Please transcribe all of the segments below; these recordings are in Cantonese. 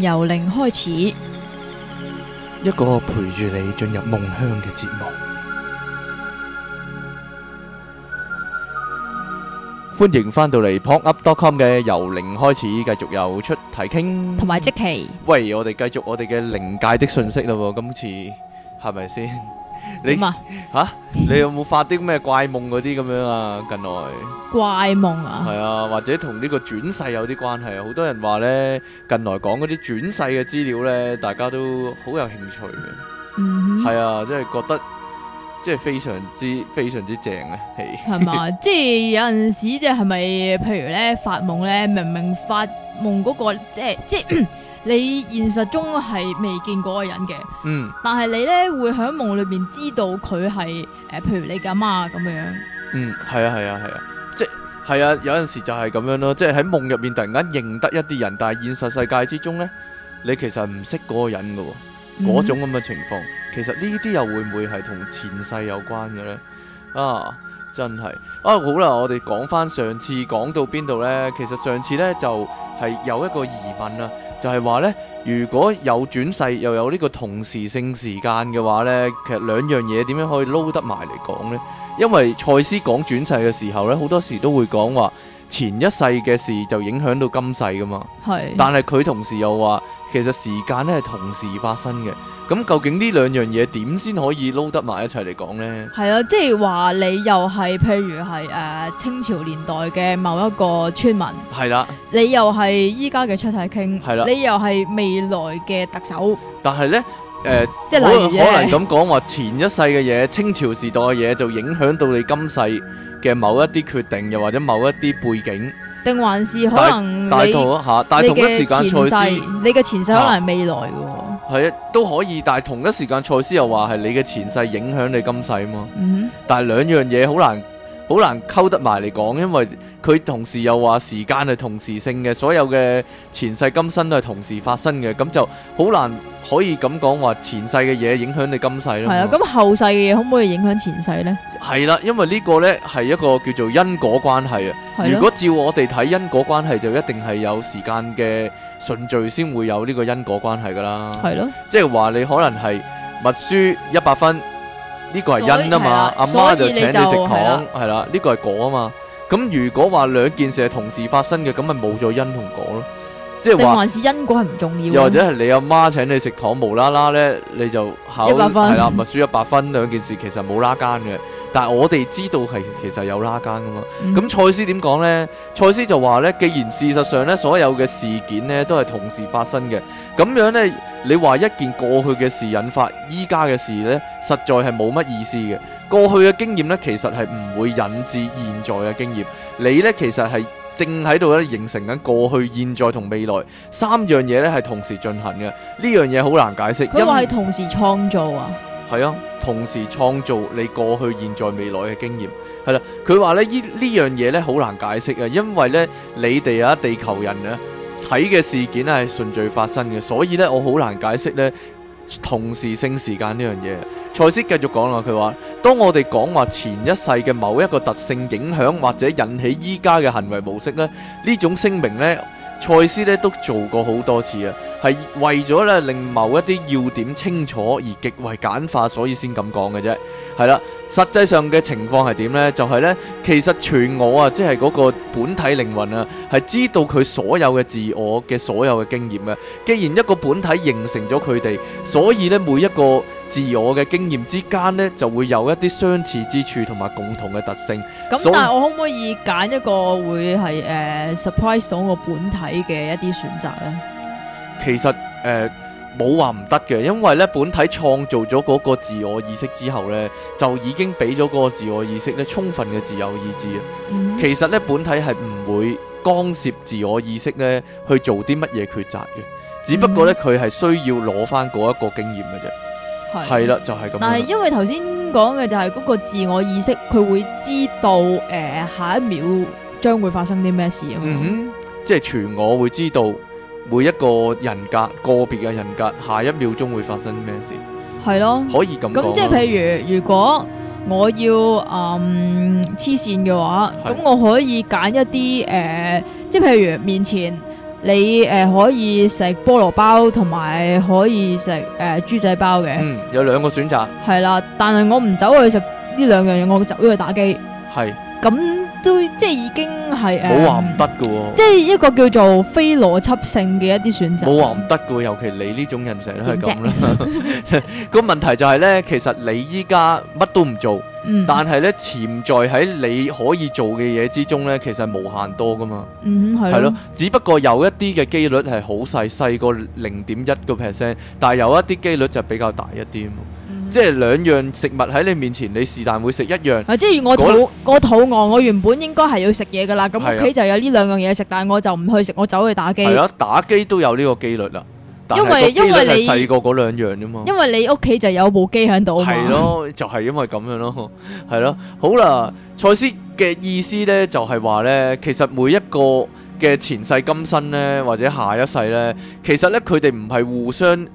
由零開始，一個陪住你進入夢鄉嘅節目。歡迎返到嚟 popup.com 嘅由零開始，繼續又出題傾，同埋即期。喂，我哋繼續我哋嘅靈界的訊息啦，喎，今次係咪先？點你啊？吓、啊，你有冇發啲咩怪夢嗰啲咁樣啊？近來怪夢啊？係啊，或者同呢個轉世有啲關係。好多人話咧，近來講嗰啲轉世嘅資料咧，大家都好有興趣嘅。嗯哼，係啊，即係覺得即係非常之非常之正嘅、啊。係嘛，吧 即係有陣時、就是，即係係咪？譬如咧，發夢咧，明明發夢嗰、那個即係即係。你現實中係未見過嗰個人嘅，嗯，但係你呢會喺夢裏邊知道佢係誒，譬如你嘅媽咁樣樣，嗯，係啊，係啊，係啊，即係啊，有陣時就係咁樣咯，即係喺夢入面突然間認得一啲人，但係現實世界之中呢，你其實唔識嗰個人嘅，嗰、嗯、種咁嘅情況，其實呢啲又會唔會係同前世有關嘅呢？啊，真係啊，好啦，我哋講翻上次講到邊度呢？其實上次呢就係、是、有一個疑問啊。就係話呢，如果有轉世，又有呢個同時性時間嘅話呢，其實兩樣嘢點樣可以撈得埋嚟講呢？因為賽斯講轉世嘅時候呢，好多時都會講話前一世嘅事就影響到今世㗎嘛。是但係佢同時又話，其實時間咧係同時發生嘅。咁究竟呢兩樣嘢，點先可以撈得埋一齊嚟講呢？係啊，即係話你又係譬如係誒，清朝年代嘅某一個村民。係啦。你又係依家嘅出世傾。係啦。你又係未來嘅特首。但係呢，誒，即係可可能咁講話前一世嘅嘢，清朝時代嘅嘢就影響到你今世嘅某一啲決定，又或者某一啲背景，定還是可能？大同一下，但同一時間賽斯，你嘅前世可能係未來嘅。係啊，都可以，但係同一時間，賽斯又話係你嘅前世影響你今世嘛。Mm hmm. 但係兩樣嘢好難，好難溝得埋嚟講，因為佢同時又話時間係同時性嘅，所有嘅前世今生都係同時發生嘅，咁就好難可以咁講話前世嘅嘢影響你今世咯。係、嗯、啊，咁後世嘅嘢可唔可以影響前世呢？係啦、啊，因為呢個呢係一個叫做因果關係啊。如果照我哋睇因果關係，就一定係有時間嘅。順序先會有呢個因果關係噶啦，係咯，即係話你可能系默書一百分，呢個係因啊嘛，阿媽就請你食糖，係啦，呢個係果啊嘛。咁如果話兩件事係同時發生嘅，咁咪冇咗因同果咯。即係話，因果係唔重要？又或者係你阿媽請你食糖，無啦啦呢，你就考系啦，默書一百分，兩件事其實冇啦間嘅。但我哋知道係其實有拉更噶嘛，咁、嗯、賽斯點講呢？賽斯就話呢：「既然事實上咧所有嘅事件咧都係同時發生嘅，咁樣咧你話一件過去嘅事引發依家嘅事呢實在係冇乜意思嘅。過去嘅經驗呢，其實係唔會引致現在嘅經驗。你呢，其實係正喺度咧形成緊過去、現在同未來三樣嘢呢係同時進行嘅。呢樣嘢好難解釋。因為同時創造啊。係啊，同時創造你過去、現在、未來嘅經驗，係啦。佢話咧呢呢樣嘢咧好難解釋啊，因為咧你哋啊地球人，咧睇嘅事件咧係順序發生嘅，所以咧我好難解釋咧同時性時間呢樣嘢。賽斯繼續講啦，佢話當我哋講話前一世嘅某一個特性影響或者引起依家嘅行為模式咧，呢種聲明咧。賽斯咧都做過好多次啊，係為咗咧令某一啲要點清楚而極為簡化，所以先咁講嘅啫。係啦，實際上嘅情況係點呢？就係呢，其實全我啊，即係嗰個本體靈魂啊，係知道佢所有嘅自我嘅所有嘅經驗嘅。既然一個本體形成咗佢哋，所以呢，每一個自我嘅經驗之間呢，就會有一啲相似之處同埋共同嘅特性。咁、嗯，所以但係我可唔可以揀一個會係誒、uh, surprise 到我本體嘅一啲選擇呢？其實誒冇話唔得嘅，因為呢本體創造咗嗰個自我意識之後呢，就已經俾咗嗰個自我意識呢充分嘅自由意志、嗯、其實呢本體係唔會干涉自我意識呢去做啲乜嘢抉擇嘅，只不過呢，佢係、嗯、需要攞翻嗰一個經驗嘅啫。係啦，就係咁。但係因為頭先講嘅就係嗰個自我意識，佢會知道誒、呃、下一秒將會發生啲咩事啊。嗯，即係全我會知道每一個人格個別嘅人格下一秒鐘會發生啲咩事。係咯，可以咁講。咁即係譬如如果我要誒黐線嘅話，咁我可以揀一啲誒、呃，即係譬如面前。你誒、呃、可以食菠蘿包同埋可以食誒、呃、豬仔包嘅，嗯，有兩個選擇。係啦，但係我唔走去食呢兩樣嘢，我走咗去打機。係的，咁。都即係已經係誒，冇話唔得噶，喔、即係一個叫做非邏輯性嘅一啲選擇。冇話唔得噶，尤其你呢種人成日都係咁啦正正。個 問題就係咧，其實你依家乜都唔做，嗯、但係咧潛在喺你可以做嘅嘢之中咧，其實係無限多噶嘛。嗯係。係咯，只不過有一啲嘅幾率係好細，細過零點一個 percent，但係有一啲幾率就比較大一啲。即係兩樣食物喺你面前，你是但會食一樣。啊，即係我肚我肚餓，我原本應該係要食嘢噶啦。咁屋企就有呢兩樣嘢食，但係我就唔去食，我走去打機。係咯，打機都有呢個機率啦。因為因為你細個嗰兩樣啫嘛。因為你屋企就有部機喺度。係咯，就係因為咁樣咯。係咯，好啦，賽斯嘅意思咧，就係話咧，其實每一個嘅前世今生咧，或者下一世咧，其實咧，佢哋唔係互相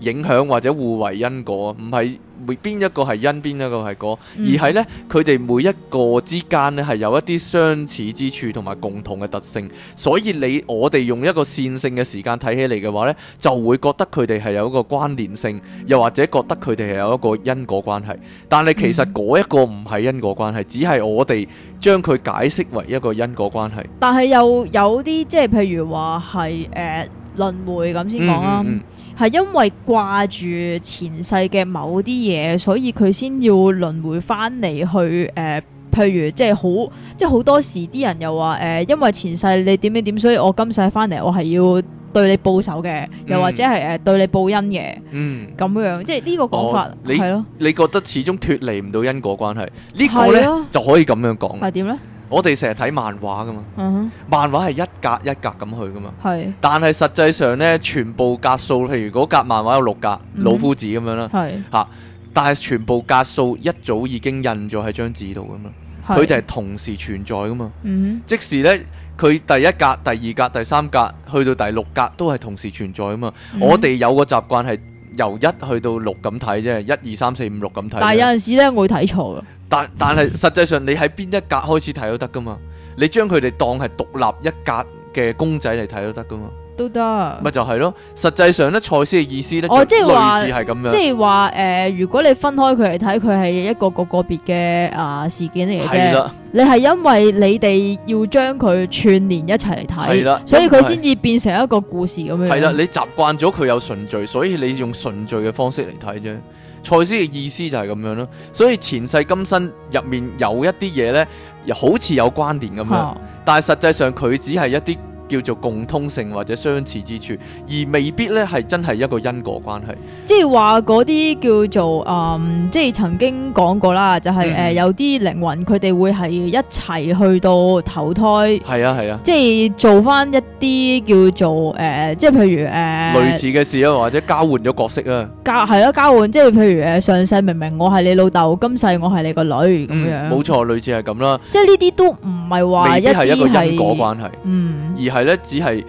影響或者互為因果，唔係每邊一個係因，邊一個係果。嗯、而係呢佢哋每一個之間咧係有一啲相似之處同埋共同嘅特性。所以你我哋用一個線性嘅時間睇起嚟嘅話呢，就會覺得佢哋係有一個關聯性，又或者覺得佢哋係有一個因果關係。但係其實嗰一個唔係因果關係，嗯、只係我哋將佢解釋為一個因果關係。但係又有啲即係譬如話係誒輪迴咁先講啊。嗯嗯嗯係因為掛住前世嘅某啲嘢，所以佢先要輪迴翻嚟去誒、呃，譬如即係好，即係好多時啲人又話誒、呃，因為前世你點點點，所以我今世翻嚟，我係要對你報仇嘅，嗯、又或者係誒對你報恩嘅，嗯，咁樣即係呢個講法你係咯，你覺得始終脫離唔到因果關係，這個，呢個咧是、啊、就可以咁樣講係點咧？我哋成日睇漫畫噶嘛，uh huh. 漫畫係一格一格咁去噶嘛。是但係實際上呢，全部格數，譬如嗰格漫畫有六格，uh huh. 老夫子咁樣啦，uh huh. 但係全部格數一早已經印咗喺張紙度噶嘛，佢哋係同時存在噶嘛。Uh huh. 即使呢，佢第一格、第二格、第三格，去到第六格都係同時存在噶嘛。Uh huh. 我哋有個習慣係由一去到六咁睇啫，一二三四五六咁睇。但係有陣時呢，我會睇錯但但係實際上你喺邊一格開始睇都得噶嘛，你將佢哋當係獨立一格嘅公仔嚟睇都得噶嘛，都得。咪就係咯，實際上咧，賽斯嘅意思咧，哦、即類似係咁樣，即係話誒，如果你分開佢嚟睇，佢係一個個個別嘅啊事件嚟嘅啫。的你係因為你哋要將佢串連一齊嚟睇，的所以佢先至變成一個故事咁樣。係啦，你習慣咗佢有順序，所以你用順序嘅方式嚟睇啫。賽斯嘅意思就係咁樣咯，所以前世今生入面有一啲嘢咧，好似有關聯咁樣，啊、但係實際上佢只係一啲叫做共通性或者相似之處，而未必咧，係真係一個因果關係，嗯，即係話嗰啲叫做嗯，即係曾經講過啦，就是，就係誒有啲靈魂佢哋會係一齊去到投胎。係啊係啊！啊即係做翻一啲叫做誒、呃、即係譬如誒、呃、類似嘅事啊，或者交換咗角色啊。交係咯，交換，即係譬如誒上世明明我係你老豆，今世我係你個女咁、嗯、樣，冇錯類似係咁啦。即係呢啲都唔係話一係一啲一個因果關係嗯而係。係咧，只係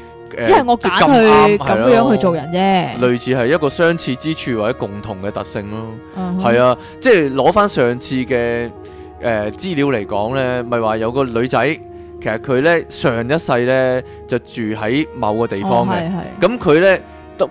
即係我揀佢咁樣去做人啫。類似係一個相似之處或者共同嘅特性咯。係、uh huh. 啊，即係攞翻上次嘅誒、呃、資料嚟講咧，咪話有個女仔，其實佢咧上一世咧就住喺某個地方嘅，咁佢咧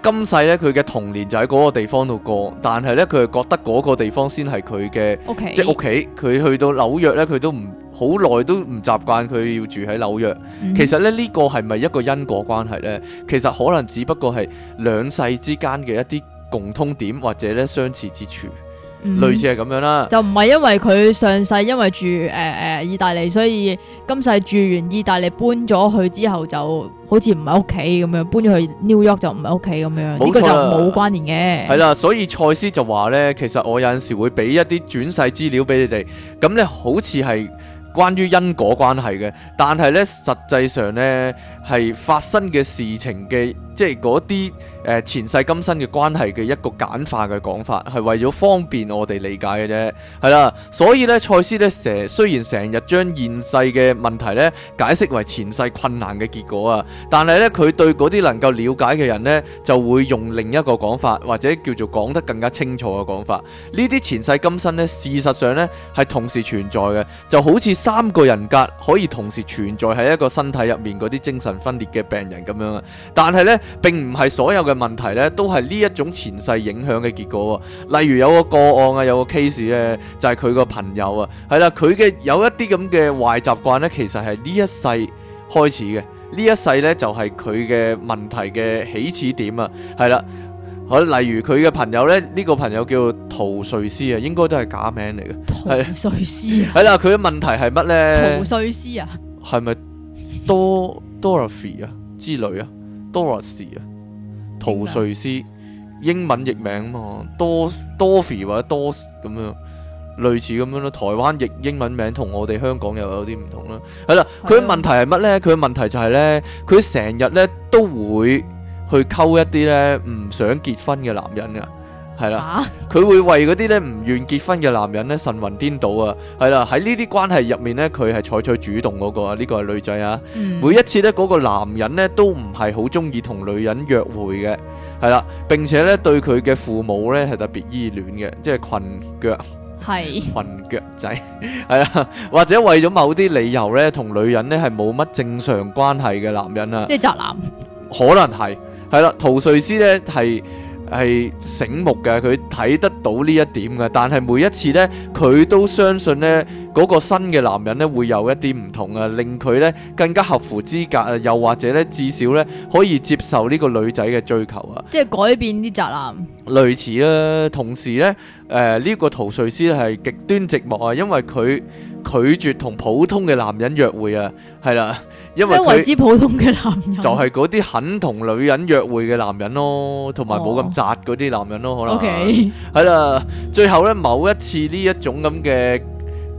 今世咧佢嘅童年就喺嗰個地方度過，但係咧佢係覺得嗰個地方先係佢嘅即係屋企。佢去到紐約咧，佢都唔好耐都唔習慣佢要住喺紐約，嗯、其實咧呢、呢個係咪一個因果關係呢？其實可能只不過係兩世之間嘅一啲共通點或者咧相似之處，嗯、類似係咁樣啦。就唔係因為佢上世因為住誒誒、呃呃、意大利，所以今世住完意大利搬咗去之後，就好似唔喺屋企咁樣，搬咗去 New York 就唔喺屋企咁樣。呢、啊、個就冇關聯嘅。係、嗯、啦，所以賽斯就話呢，其實我有陣時會俾一啲轉世資料俾你哋，咁咧好似係。關於因果關係嘅，但係咧，實際上咧。係發生嘅事情嘅，即係嗰啲誒前世今生嘅關係嘅一個簡化嘅講法，係為咗方便我哋理解嘅啫，係啦，所以咧，賽斯咧成雖然成日將現世嘅問題咧解釋為前世困難嘅結果啊，但係咧佢對嗰啲能夠了解嘅人咧就會用另一個講法，或者叫做講得更加清楚嘅講法。呢啲前世今生咧，事實上咧係同時存在嘅，就好似三個人格可以同時存在喺一個身體入面嗰啲精神分裂嘅病人咁樣啊，但係呢，並唔係所有嘅問題呢都係呢一種前世影響嘅結果。例如有個個案啊，有個 case 呢，啊，就係佢個朋友啊，係啦，啊，佢嘅有一啲咁嘅壞習慣呢，其實係呢一世開始嘅，呢一世呢，就係佢嘅問題嘅起始點啊。係啦，好，例如佢嘅朋友呢，呢、呢個朋友叫陶瑞斯啊，應該都係假名嚟嘅。陶瑞斯啊，係啦，佢嘅問題係乜呢？陶瑞斯啊，係咪、啊啊啊、多？ Dorothy 啊，之類啊，Doris 啊，陶瑞斯英文譯名啊嘛，多 Dor, Dorothy 或者 Doris 咁樣，類似咁樣咯。台灣譯英文名同我哋香港又有啲唔同、啊、啦。係啦，佢嘅問題係乜咧？佢嘅問題就係、是、咧，佢成日咧都會去溝一啲咧唔想結婚嘅男人㗎。係啦，佢、啊、會為嗰啲咧唔願結婚嘅男人咧神魂顛倒啊！係啦，喺呢啲關係入面咧，佢係採取主動嗰、那個啊，呢、這個係女仔啊。嗯、每一次咧，嗰個男人咧都唔係好中意同女人約會嘅，係啦，並且咧對佢嘅父母咧係特別依戀嘅，即、就、係、是、裙腳，係是裙腳腳仔，係 啦，或者為咗某啲理由咧同女人咧係冇乜正常關係嘅男人啊，即係宅男，可能係，係啦，陶瑞斯咧係。係醒目嘅，佢睇得到呢一點嘅。但係每一次呢，佢都相信呢，嗰個新嘅男人呢會有一啲唔同啊，令佢呢更加合乎資格啊，又或者呢，至少呢可以接受呢個女仔嘅追求啊。即係改變啲宅男，類似啦。同時呢。誒，呢、呃這個陶瑞斯係極端寂寞啊，因為佢拒絕同普通嘅男人約會啊，係啦，因為一為之普通嘅男人就係嗰啲肯同女人約會嘅男人咯，同埋冇咁宅嗰啲男人咯，哦、可能係啦 Okay.。最後呢，某一次呢一種咁嘅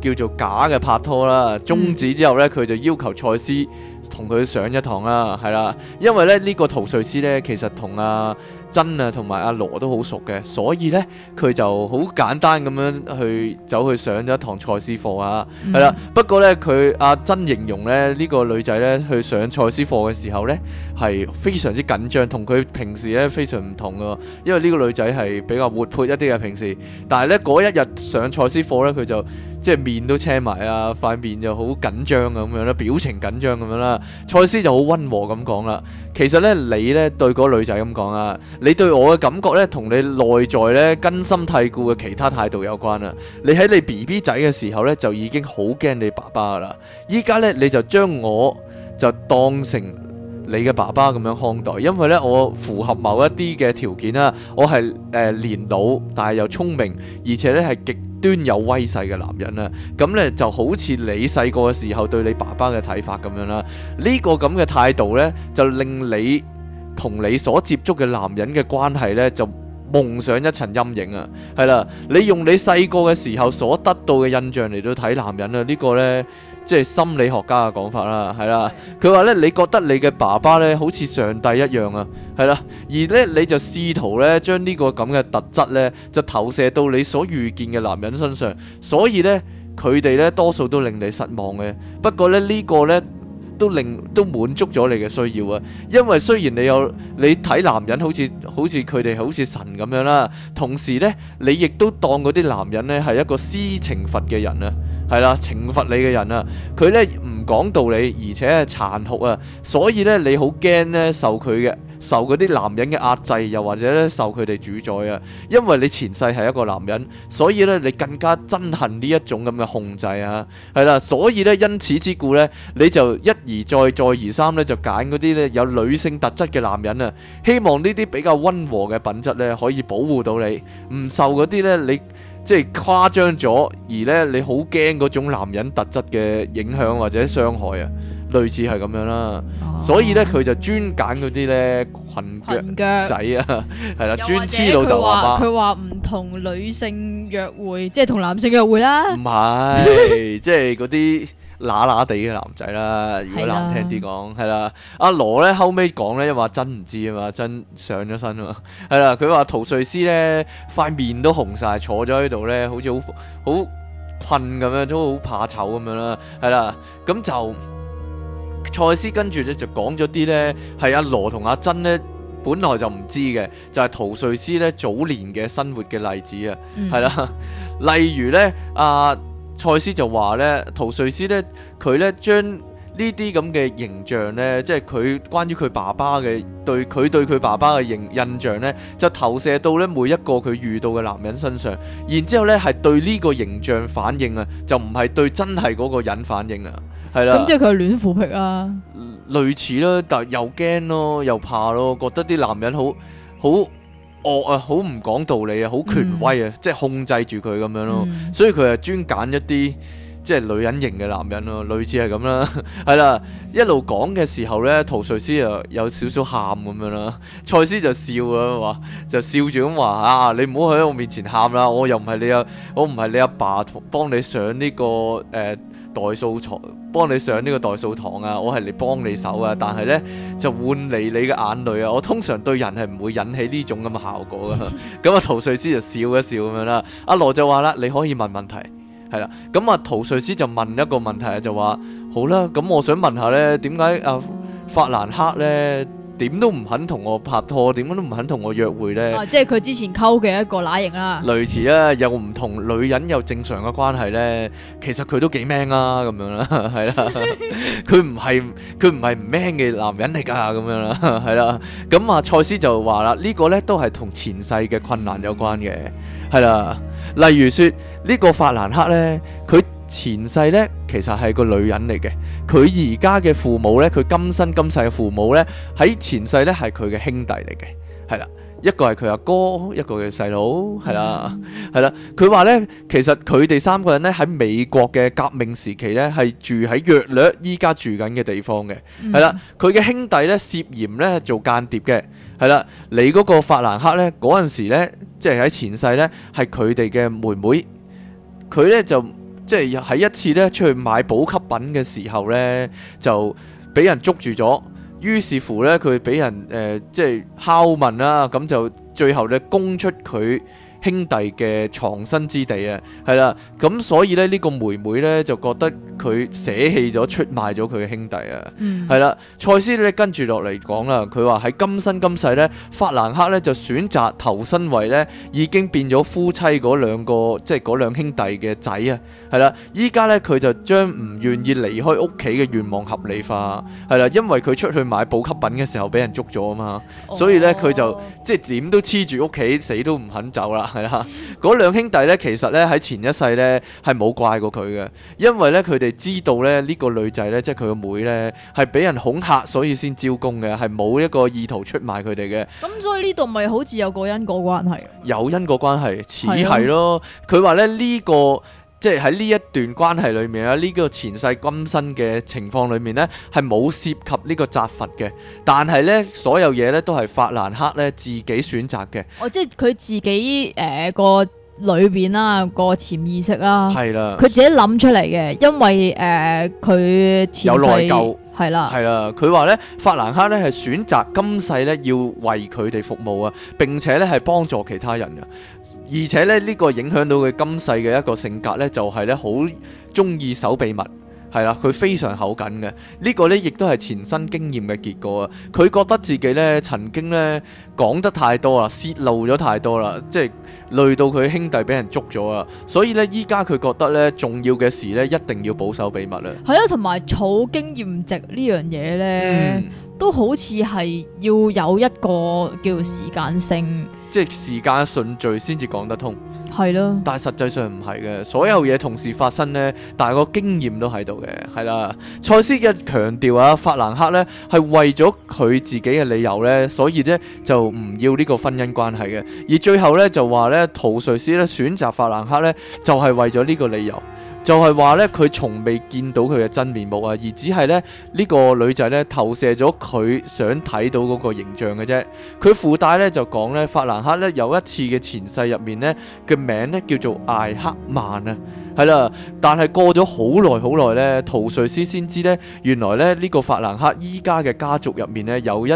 叫做假嘅拍拖啦，終止之後呢，佢、嗯、就要求賽斯同佢上一堂啦，係啦，因為咧呢、這個陶瑞斯呢，其實同阿、啊。真啊，同埋阿羅都好熟嘅，所以呢，佢就好簡單咁樣去走去上咗一堂賽斯課啊，係啦、嗯。不過呢，佢阿、啊、真形容呢呢、這個女仔呢去上賽斯課嘅時候呢，係非常之緊張，同佢平時呢非常唔同噶。因為呢個女仔係比較活潑一啲嘅平時，但係呢，嗰一日上賽斯課呢，佢就。即係面都青埋啊，塊面就好緊張啊咁樣啦，表情緊張咁樣啦。賽斯就好溫和咁講啦，其實呢，你呢對嗰女仔咁講啊，你對我嘅感覺呢，同你內在呢根深蒂固嘅其他態度有關啦。你喺你 B B 仔嘅時候呢，就已經好驚你爸爸啦，依家呢，你就將我就當成。你嘅爸爸咁樣看待，因為呢，我符合某一啲嘅條件啦，我係誒、呃、年老但係又聰明，而且呢係極端有威勢嘅男人啦，咁呢就好似你細個嘅時候對你爸爸嘅睇法咁樣啦。呢、呢個咁嘅態度呢，就令你同你所接觸嘅男人嘅關係呢，就蒙上一層陰影啊。係啦，你用你細個嘅時候所得到嘅印象嚟到睇男人啊，呢、呢個呢。即係心理學家嘅講法啦，係啦，佢話咧，你覺得你嘅爸爸咧好似上帝一樣啊，係啦，而咧你就試圖咧將呢個咁嘅特質咧就投射到你所遇見嘅男人身上，所以咧佢哋咧多數都令你失望嘅。不過咧呢個咧。都令都滿足咗你嘅需要啊！因為雖然你有你睇男人好似好似佢哋好似神咁樣啦、啊，同時呢，你亦都當嗰啲男人呢係一個施懲罰嘅人啊，係啦、啊，懲罰你嘅人啊，佢呢唔講道理，而且係殘酷啊，所以呢你好驚呢受佢嘅。受嗰啲男人嘅壓制，又或者咧受佢哋主宰啊，因為你前世係一個男人，所以咧你更加憎恨呢一種咁嘅控制啊，係啦，所以咧因此之故咧，你就一而再、再而三咧就揀嗰啲咧有女性特質嘅男人啊，希望呢啲比較溫和嘅品質咧可以保護到你，唔受嗰啲咧你。即係誇張咗，而咧你好驚嗰種男人特質嘅影響或者傷害啊，類似係咁樣啦。啊、所以咧佢就專揀嗰啲咧裙腳，腳仔啊，係 啦，專黐老豆阿爸，爸媽媽。佢話唔同女性約會，即、就、係、是、同男性約會啦。唔係是， 即係嗰啲。嗱嗱地嘅男仔啦，如果難聽啲講，係是、啊、啦，阿、啊、羅咧後尾講咧，因為珍唔知啊嘛，珍上咗身啊嘛，係啦，佢話陶瑞斯咧塊面都紅晒，坐咗喺度咧，好似好好困咁樣，都好怕醜咁樣啦，係啦，咁就賽斯跟住咧就講咗啲咧，係阿、啊、羅同阿珍咧本來就唔知嘅，就係、是、陶瑞斯咧早年嘅生活嘅例子啊，係、嗯、啦，例如咧阿。啊。賽斯就話咧，陶瑞斯咧，佢咧將呢啲咁嘅形象咧，即係佢關於佢爸爸嘅對佢對佢爸爸嘅形印象咧，就投射到咧每一個佢遇到嘅男人身上，然之後咧係對呢個形象反應啊，就唔係對真係嗰個人反應是是啊，係啦。咁即係佢係戀父癖啊？類似啦，但又驚咯，又怕咯，覺得啲男人好好。惡啊，好唔講道理啊，好權威啊，嗯、即係控制住佢咁樣咯，嗯、所以佢係專揀一啲。即係女人型嘅男人咯，類似係咁啦，係 啦，一路講嘅時候咧，陶瑞斯啊有少少喊咁樣啦，賽斯 就笑啦，話就笑住咁話啊，你唔好喺我面前喊啦，我又唔係你阿，我唔係你阿爸，爸幫你上呢、這個誒、呃、代數堂，幫你上呢個代數堂啊，我係嚟幫你手啊，但係咧就換嚟你嘅眼淚啊，我通常對人係唔會引起呢種咁嘅效果嘅，咁啊 陶瑞斯就笑一笑咁樣啦，阿、啊、羅就話啦，你可以問問題。係啦，咁啊陶瑞斯就問一個問題啊，就話好啦，咁我想問下咧，點解啊，法蘭克咧？點都唔肯同我拍拖，點都唔肯同我約會咧？啊，即係佢之前溝嘅一個乸型啦，類似啦，又唔同女人有正常嘅關係咧。其實佢都幾 man 啊，咁樣啦，係啦，佢唔係佢唔係唔 man 嘅男人嚟噶，咁樣啦，係啦。咁啊，賽斯就話啦，呢個咧都係同前世嘅困難有關嘅，係啦。例如說呢個法蘭克咧，佢。前世咧，其實係個女人嚟嘅。佢而家嘅父母咧，佢今生今世嘅父母咧，喺前世咧係佢嘅兄弟嚟嘅，係啦，一個係佢阿哥，一個係佢細佬，係啦，係啦。佢話咧，其實佢哋三個人咧喺美國嘅革命時期咧係住喺約略依家住緊嘅地方嘅，係啦。佢嘅兄弟咧涉嫌咧做間諜嘅，係啦。你嗰個法蘭克咧嗰陣時咧，即係喺前世咧係佢哋嘅妹妹，佢咧就。即係喺一次咧出去買補給品嘅時候咧，就俾人捉住咗。於是乎咧，佢俾人誒、呃、即係拷問啦，咁就最後咧供出佢兄弟嘅藏身之地啊，係啦，咁所以咧呢、呢個妹妹呢，就覺得佢捨棄咗出賣咗佢嘅兄弟啊，係啦、嗯，賽斯咧跟住落嚟講啦，佢話喺今生今世呢，法蘭克呢，就選擇投身為呢已經變咗夫妻嗰兩個即係嗰兩兄弟嘅仔啊，係啦，依家呢，佢就將唔願意離開屋企嘅願望合理化，係啦，因為佢出去買補給品嘅時候俾人捉咗啊嘛，哦、所以呢，佢就即係點都黐住屋企，死都唔肯走啦。係啦，嗰兩兄弟咧，其實咧喺前一世咧係冇怪過佢嘅，因為咧佢哋知道咧呢、這個女仔咧，即係佢個妹咧係俾人恐嚇，所以先招供嘅，係冇一個意圖出賣佢哋嘅。咁、嗯、所以呢度，咪好似有個因果關係？有因果關係似係咯，佢話咧呢、這個。即係喺呢一段關係裏面啊，呢個前世今生嘅情況裏面呢係冇涉及呢個責罰嘅。但係呢，所有嘢呢都係法蘭克呢自己選擇嘅。哦，即係佢自己誒、呃、個。裏邊啦，個潛意識啦，係啦的，佢自己諗出嚟嘅，因為誒佢、呃、前世有內疚，係啦的，係啦的，佢話咧，法蘭克咧係選擇今世咧要為佢哋服務啊，並且咧係幫助其他人嘅，而且咧呢、呢個影響到佢今世嘅一個性格咧，就係咧好中意守秘密。係啦，佢非常口緊嘅，呢、這個呢，亦都係前生經驗嘅結果啊！佢覺得自己咧曾經咧講得太多啦，泄露咗太多啦，即係累到佢兄弟俾人捉咗啊！所以呢，依家佢覺得呢重要嘅事呢，一定要保守秘密啦。係啊、嗯，同埋儲經驗值呢樣嘢呢。都好似係要有一個叫時間性，即係時間順序先至講得通，係咯。但係實際上唔係嘅，所有嘢同時發生呢，但係個經驗都喺度嘅，係啦。賽斯一強調啊，法蘭克呢係為咗佢自己嘅理由呢，所以呢就唔要呢個婚姻關係嘅。而最後呢，就話呢陶瑞斯呢選擇法蘭克呢，就係為咗呢個理由。就係話咧，佢從未見到佢嘅真面目啊，而只係咧呢個女仔咧投射咗佢想睇到嗰個形象嘅啫。佢附帶咧就講咧，法蘭克咧有一次嘅前世入面咧嘅名咧叫做艾克曼啊，係啦，但係過咗好耐好耐咧，陶瑞斯先知咧，原來咧呢個法蘭克依家嘅家族入面咧有一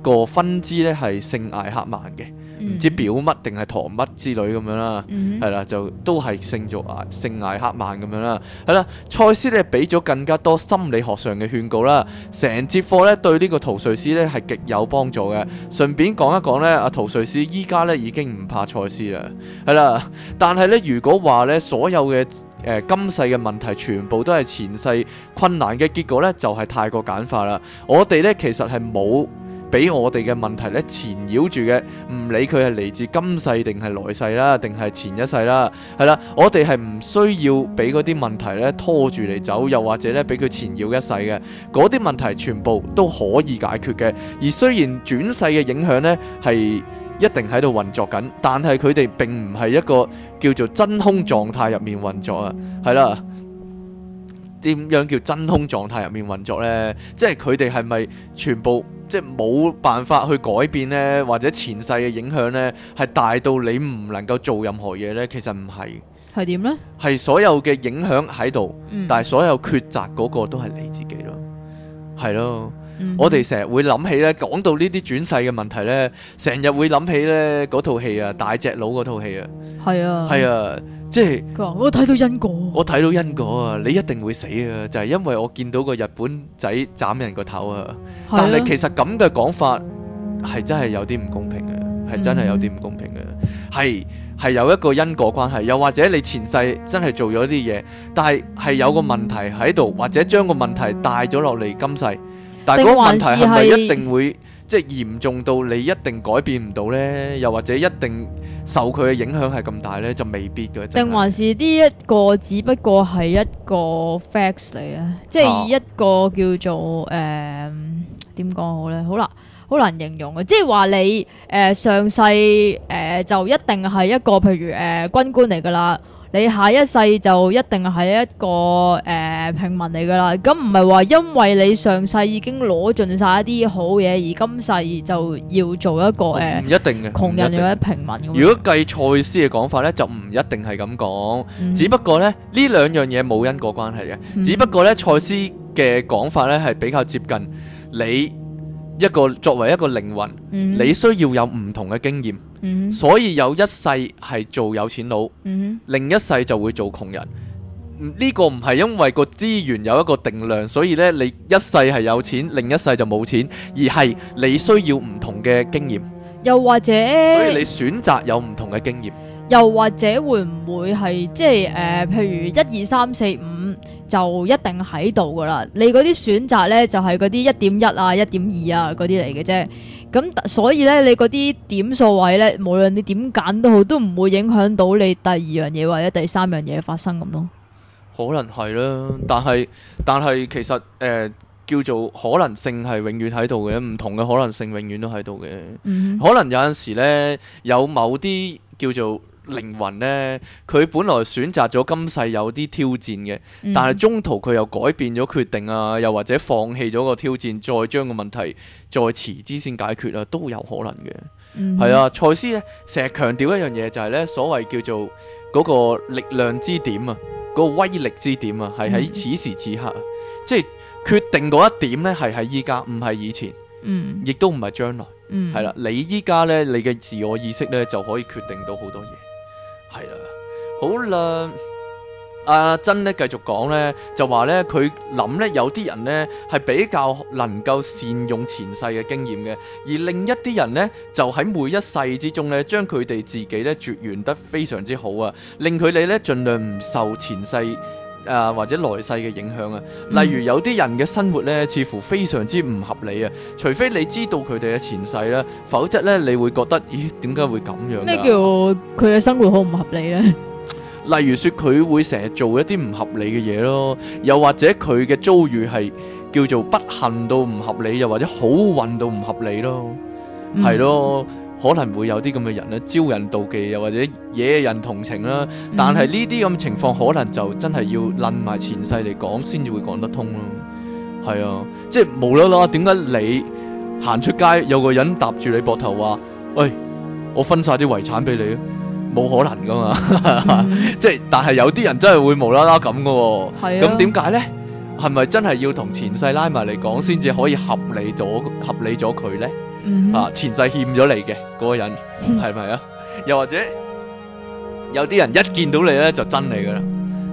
個分支咧係姓艾克曼嘅。唔知表乜定係唐乜之類咁樣啦，係啦，mm hmm.，就都係姓做阿姓艾克曼咁樣啦，係啦。賽斯咧俾咗更加多心理學上嘅勸告啦，成節課咧對呢個圖瑞斯咧係極有幫助嘅。Mm hmm. 順便講一講咧，阿圖瑞斯依家咧已經唔怕賽斯啦，係啦。但係咧，如果話咧所有嘅誒、呃、今世嘅問題全部都係前世困難嘅結果咧，就係太過簡化啦。我哋咧其實係冇，俾我哋嘅問題咧纏繞住嘅，唔理佢係嚟自今世定係來世啦，定係前一世啦，係啦，我哋係唔需要俾嗰啲問題咧拖住嚟走，又或者咧俾佢纏繞一世嘅，嗰啲問題全部都可以解決嘅。而雖然轉世嘅影響呢係一定喺度運作緊，但係佢哋並唔係一個叫做真空狀態入面運作啊，係啦。點樣叫真空狀態入面運作呢？即係佢哋係咪全部即係冇辦法去改變呢？或者前世嘅影響呢？係大到你唔能夠做任何嘢呢？其實唔係，係點呢？係所有嘅影響喺度，嗯、但係所有抉擇嗰個都係你自己咯，係咯、嗯哼。我哋成日會諗起呢，講到呢啲轉世嘅問題呢，成日會諗起呢嗰套戲啊，大隻佬嗰套戲啊，係啊，係啊。即係我睇到因果，我睇到因果啊！你一定會死啊。就係、是、因為我見到個日本仔斬人個頭啊。但係其實咁嘅講法係真係有啲唔公平嘅，係真係有啲唔公平嘅，係係、嗯、有一個因果關係，又或者你前世真係做咗啲嘢，但係係有個問題喺度，嗯、或者將個問題帶咗落嚟今世，但係嗰個問題係咪一定會？即係嚴重到你一定改變唔到呢，又或者一定受佢嘅影響係咁大呢，就未必嘅。定還是呢一個只不過係一個 facts 嚟呢？即係一個叫做誒，點講好呢？好難好難形容嘅。即係話你誒、呃、上世誒、呃、就一定係一個譬如誒、呃、軍官嚟㗎啦。你下一世就一定係一個誒平民嚟噶啦，咁唔係話因為你上世已經攞盡晒一啲好嘢，而今世就要做一個誒，唔一定嘅窮人或者平民。如果計賽斯嘅講法呢，就唔一定係咁講，只不過呢，呢兩樣嘢冇因果關係嘅，只不過呢賽斯嘅講法呢係比較接近你。一個作為一個靈魂，mm hmm. 你需要有唔同嘅經驗，mm hmm. 所以有一世係做有錢佬，mm hmm. 另一世就會做窮人。呢個唔係因為個資源有一個定量，所以呢，你一世係有錢，另一世就冇錢，而係你需要唔同嘅經驗，又或者，所以你選擇有唔同嘅經驗。又或者會唔會係即係誒、呃，譬如一二三四五就一定喺度㗎喇？你嗰啲選擇呢，就係嗰啲一點一啊、一點二啊嗰啲嚟嘅啫。咁所以呢，你嗰啲點數位呢，無論你點揀都好，都唔會影響到你第二樣嘢或者第三樣嘢發生咁咯。可能係啦，但係但係其實誒、呃、叫做可能性係永遠喺度嘅，唔同嘅可能性永遠都喺度嘅。嗯、哼可能有陣時呢，有某啲叫做。靈魂呢，佢本來選擇咗今世有啲挑戰嘅，嗯、但係中途佢又改變咗決定啊，又或者放棄咗個挑戰，再將個問題再遲啲先解決啊，都有可能嘅。係、嗯、啊，賽斯咧成日強調一樣嘢，就係呢所謂叫做嗰個力量之點啊，嗰個威力之點啊，係喺此時此刻啊，嗯、即係決定嗰一點呢，係喺依家，唔係以前，嗯，亦都唔係將來，嗯，係啦、啊，你依家呢，你嘅自我意識呢，就可以決定到好多嘢。係啦，好啦，阿珍咧繼續講咧，就話咧佢諗咧有啲人咧係比較能夠善用前世嘅經驗嘅，而另一啲人咧就喺每一世之中咧將佢哋自己咧絕緣得非常之好啊，令佢哋咧盡量唔受前世。誒，或者來世嘅影響啊，例如有啲人嘅生活咧，似乎非常之唔合理啊，除非你知道佢哋嘅前世啦，否則咧你會覺得，咦，點解會咁樣？咩叫佢嘅生活好唔合理咧？例如說佢會成日做一啲唔合理嘅嘢咯，又或者佢嘅遭遇係叫做不幸到唔合理，又或者好運到唔合理咯，係咯。可能會有啲咁嘅人咧，招人妒忌又或者惹人同情啦。嗯、但係呢啲咁嘅情況，可能就真係要論埋前世嚟講先至會講得通咯。係啊，即係無啦啦，點解你行出街有個人搭住你膊頭話：喂，我分晒啲遺產俾你，冇可能噶嘛， 嗯、即係但係有啲人真係會無啦啦咁嘅喎。係啊，咁點解呢？係咪真係要同前世拉埋嚟講先至可以合理咗合理咗佢呢？啊！前世欠咗你嘅嗰個人係咪啊？又或者有啲人一見到你咧就憎你噶啦，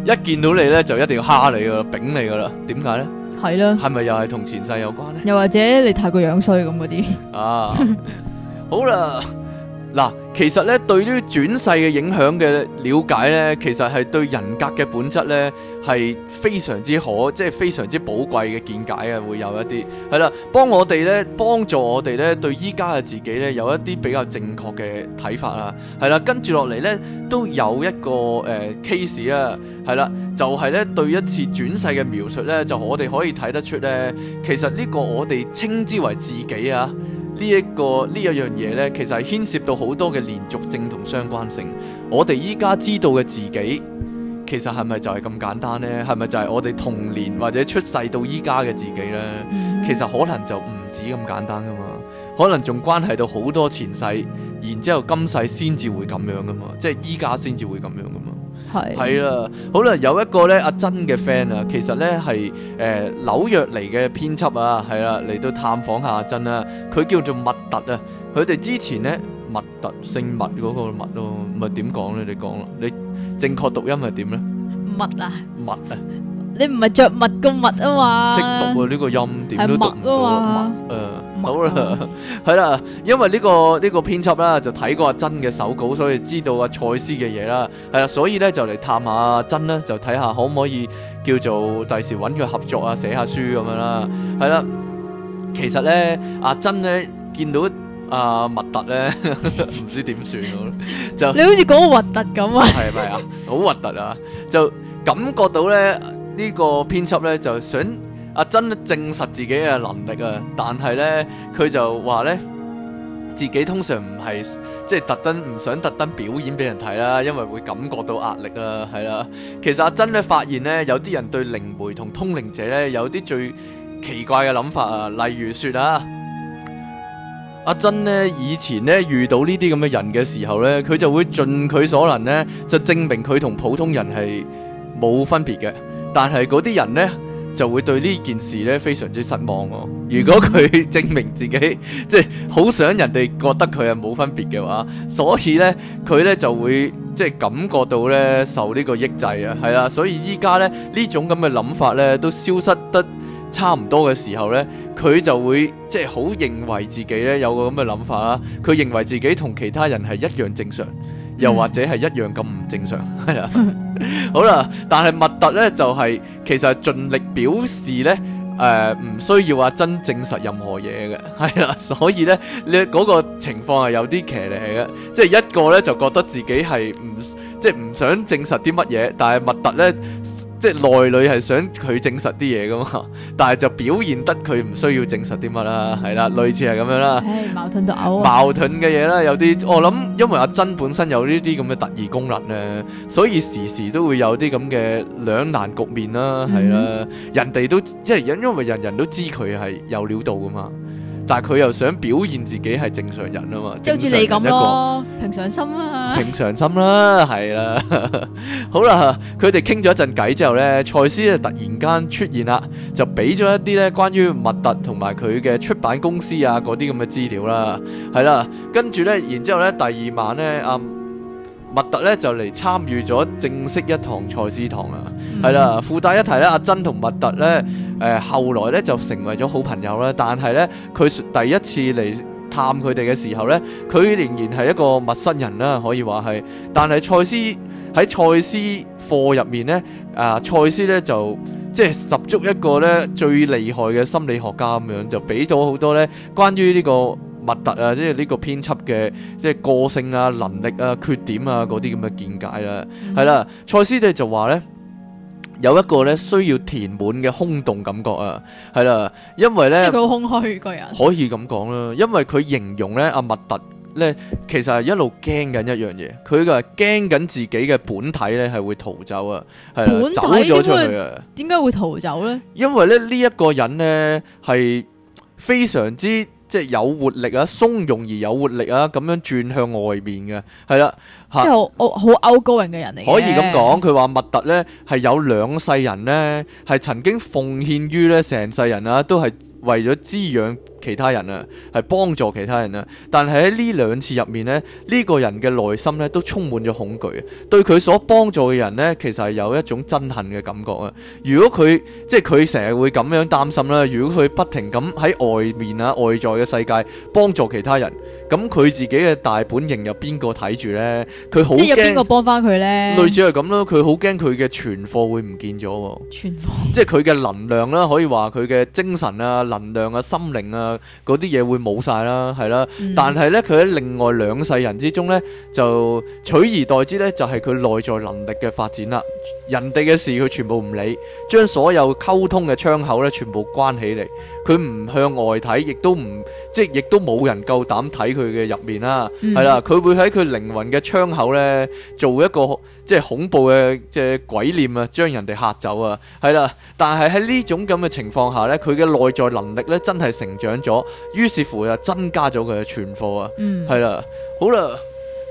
一見到你咧就一定要蝦你噶啦、丙你噶啦，點解咧？係咯，係咪又係同前世有關咧？又或者你太過樣衰咁嗰啲啊？好啦，嗱。其實咧，對於轉世嘅影響嘅了解咧，其實係對人格嘅本質咧，係非常之可，即係非常之寶貴嘅見解啊！會有一啲係啦，幫我哋咧，幫助我哋咧，對依家嘅自己咧，有一啲比較正確嘅睇法啊！係啦，跟住落嚟咧，都有一個誒、呃、case 啊，係啦，就係、是、咧對一次轉世嘅描述咧，就我哋可以睇得出咧，其實呢個我哋稱之為自己啊。呢一個呢一樣嘢呢，其實係牽涉到好多嘅連續性同相關性。我哋依家知道嘅自己，其實係咪就係咁簡單呢？係咪就係我哋童年或者出世到依家嘅自己呢？其實可能就唔止咁簡單噶嘛，可能仲關係到好多前世，然之後今世先至會咁樣噶嘛，即係依家先至會咁樣噶嘛。係係啦，好啦，有一個咧阿珍嘅 friend 啊，其實咧係誒紐約嚟嘅編輯啊，係啦，嚟到探訪下阿珍啊。佢叫做麥特啊，佢哋之前咧麥特姓麥嗰個麥咯、啊，咪點講咧？你講啦，你正確讀音係點咧？麥啊，麥啊，你唔係着麥個麥啊嘛？識讀啊，呢、這個音點都讀唔到啊。好啦，係啦，因為、這個這個、編輯呢個呢個編輯啦，就睇過阿珍嘅手稿，所以知道阿賽斯嘅嘢啦，係啦，所以咧就嚟探下阿珍啦，就睇下可唔可以叫做第時搵佢合作啊，寫下書咁樣啦，係啦，其實咧阿珍咧見到阿麥、啊、特咧唔 知點算咯， 就你好似講我核突咁啊，係咪啊，好核突啊，就感覺到咧呢、這個編輯咧就想。阿珍咧證實自己嘅能力啊，但係咧佢就話咧自己通常唔係即係特登唔想特登表演俾人睇啦，因為會感覺到壓力啊，係啦。其實阿珍咧發現咧有啲人對靈媒同通靈者咧有啲最奇怪嘅諗法啊，例如說啊，阿珍咧以前咧遇到呢啲咁嘅人嘅時候咧，佢就會盡佢所能咧就證明佢同普通人係冇分別嘅，但係嗰啲人咧，就會對呢件事呢非常之失望喎，哦。如果佢證明自己即係好想人哋覺得佢係冇分別嘅話，所以呢，佢呢就會即係感覺到呢受呢個抑制啊。係啦，所以依家呢，呢種咁嘅諗法呢都消失得差唔多嘅時候呢，佢就會即係好認為自己呢有個咁嘅諗法啦。佢認為自己同其他人係一樣正常。又或者係一樣咁唔正常，係啦。好啦，但係麥特咧就係其實係盡力表示咧，誒唔需要話真證實任何嘢嘅，係啦。所以咧，你嗰個情況係有啲騎呢嘅，即係一個咧就覺得自己係唔即係唔想證實啲乜嘢，但係麥特咧。即係內裏係想佢證實啲嘢噶嘛，但係就表現得佢唔需要證實啲乜啦，係啦、mm hmm.，類似係咁樣啦。哎、矛盾到嘔啊，矛盾嘅嘢啦，有啲、mm hmm. 我諗，因為阿珍本身有呢啲咁嘅特異功能咧，所以時時都會有啲咁嘅兩難局面啦，係啦，mm hmm. 人哋都即係因因為人人都知佢係有料到噶嘛。但係佢又想表現自己係正常人啊嘛，就好似你咁咯，平常心啊，平常心啦，係啦， 好啦，佢哋傾咗一陣偈之後呢，賽斯啊突然間出現啦，就俾咗一啲咧關於麥特同埋佢嘅出版公司啊嗰啲咁嘅資料啦，係啦，跟住呢，然之後呢，第二晚呢。阿、嗯。麥特咧就嚟參與咗正式一堂賽斯堂啊，係啦、嗯。附帶一提咧，阿珍同麥特咧，誒後來咧就成為咗好朋友啦。但係咧，佢第一次嚟探佢哋嘅時候咧，佢仍然係一個陌生人啦，可以話係。但係賽斯喺賽斯課入面咧，啊賽斯咧就即係、就是、十足一個咧最厲害嘅心理學家咁樣，就俾咗好多咧關於呢、這個。麥特啊，即係呢個編輯嘅即係個性啊、能力啊、缺點啊嗰啲咁嘅見解啦、啊，係啦、嗯。賽斯咧就話咧有一個咧需要填滿嘅空洞感覺啊，係啦，因為咧佢好空虛個人，可以咁講啦，因為佢形容咧阿密特咧其實係一路驚緊一樣嘢，佢嘅驚緊自己嘅本體咧係會逃走啊，係啦，本體？走咗出去啊，點解會？點解會逃走咧？因為咧呢一、這個人咧係非常之。即係有活力啊，松容而有活力啊，咁樣轉向外面嘅，係啦，即係好勾 u t 嘅人嚟可以咁講，佢話麥特咧係有兩世人咧係曾經奉獻於咧成世人啊，都係。為咗滋養其他人啊，係幫助其他人啊，但係喺呢兩次入面呢，呢、這個人嘅內心呢都充滿咗恐懼啊！對佢所幫助嘅人呢，其實係有一種憎恨嘅感覺啊！如果佢即係佢成日會咁樣擔心啦、啊，如果佢不停咁喺外面啊外在嘅世界幫助其他人，咁、嗯、佢自己嘅大本營有邊個睇住呢？佢好驚，即係有邊個幫翻佢呢？類似係咁咯，佢好驚佢嘅存貨會唔見咗、啊，存貨貨即係佢嘅能量啦、啊，可以話佢嘅精神啊。能量啊、心靈啊啲嘢會冇晒啦，係啦。嗯、但係咧，佢喺另外兩世人之中咧，就取而代之咧，就係佢內在能力嘅發展啦。人哋嘅事佢全部唔理，將所有溝通嘅窗口咧全部關起嚟。佢唔向外睇，亦都唔即係亦都冇人夠膽睇佢嘅入面啦。係啦、嗯，佢會喺佢靈魂嘅窗口咧做一個即係恐怖嘅即係鬼念啊，將人哋嚇走啊。係啦，但係喺呢種咁嘅情況下咧，佢嘅內在能力能力咧真係成長咗，於是乎又增加咗佢嘅存貨啊，係啦、嗯，好啦，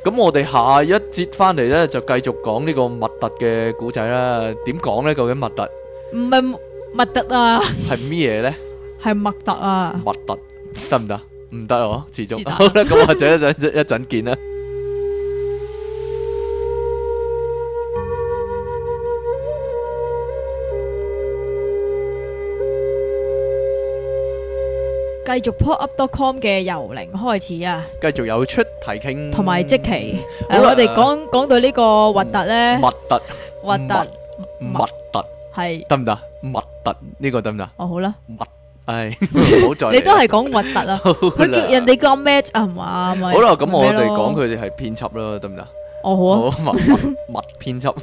咁我哋下一節翻嚟咧就繼續講呢個麥特嘅古仔啦。點講咧？究竟麥特唔係麥特啊？係咩嘢咧？係麥特啊？麥特得唔得？唔得哦，我始終好啦，咁或者一陣 一陣見啦。繼續 popup.com 嘅由零開始啊！繼續有出題傾，同埋即期。好啦，我哋講講到呢個核突咧，核突，核突，核突係得唔得？核突呢個得唔得？哦好啦，核，唉，好在你都係講核突啊，佢叫人哋叫 Matt 啊嘛？好啦，咁我哋講佢哋係編輯啦，得唔得？哦好啊，核核核編輯。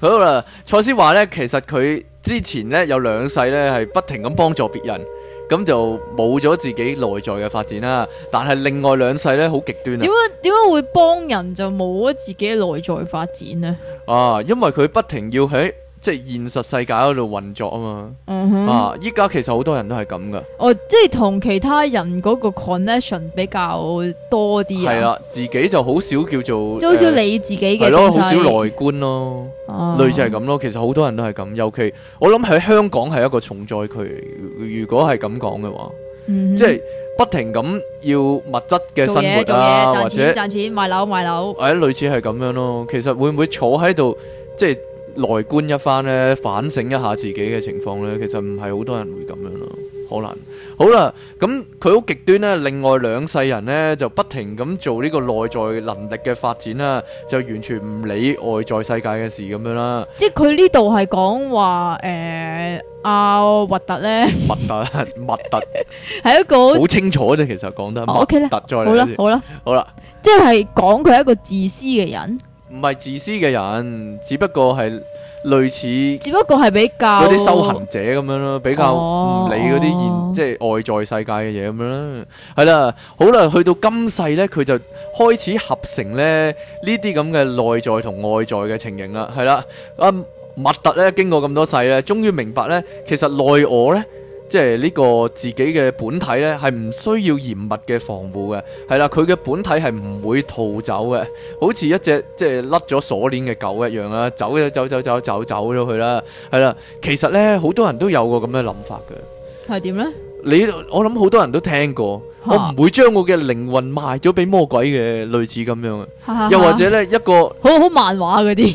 好啦，賽斯話咧，其實佢之前咧有兩世咧係不停咁幫助別人。咁就冇咗自己內在嘅發展啦，但係另外兩世咧好極端啊！點解點解會幫人就冇咗自己內在發展咧？啊，因為佢不停要喺。即係現實世界嗰度運作啊嘛，嗯、哼啊依家其實好多人都係咁噶。哦，即係同其他人嗰個 connection 比較多啲。係啦，自己就好少叫做，好少你自己嘅咯，好、欸、少內觀咯，啊、類似係咁咯。其實好多人都係咁，尤其我諗喺香港係一個重災區。如果係咁講嘅話，嗯、哼即係不停咁要物質嘅生活啊，做嘢做嘢或者賺錢、賺錢、賣樓、賣樓，或者、哎呃、類似係咁樣咯。其實會唔會坐喺度即係？內觀一番，咧，反省一下自己嘅情況咧，其實唔係好多人會咁樣咯，可能好啦。咁佢好極端咧，另外兩世人咧就不停咁做呢個內在能力嘅發展啦，就完全唔理外在世界嘅事咁樣啦。即係佢呢度係講話誒，阿核突咧，核、啊、 突？核突？係一個好清楚啫。其實講得，O K 啦，哦 okay、再好啦，好啦， 好啦了，即係講佢係一個自私嘅人。唔係自私嘅人，只不過係類似，只不過係比較嗰啲修行者咁樣咯，比較唔理嗰啲現啊啊即係外在世界嘅嘢咁樣啦。係啦，好啦，去到今世呢，佢就開始合成咧呢啲咁嘅內在同外在嘅情形啦。係啦，阿、啊、麥特咧經過咁多世咧，終於明白呢，其實內我呢。即係呢個自己嘅本體呢，係唔需要嚴密嘅防護嘅。係啦，佢嘅本體係唔會逃走嘅，好似一隻即係甩咗鎖鏈嘅狗一樣啦，走走走走走走咗去啦。係啦，其實呢好多人都有個咁嘅諗法嘅。係點呢？你我諗好多人都聽過，我唔會將我嘅靈魂賣咗俾魔鬼嘅，類似咁樣嘅，又或者呢一個好好漫畫嗰啲，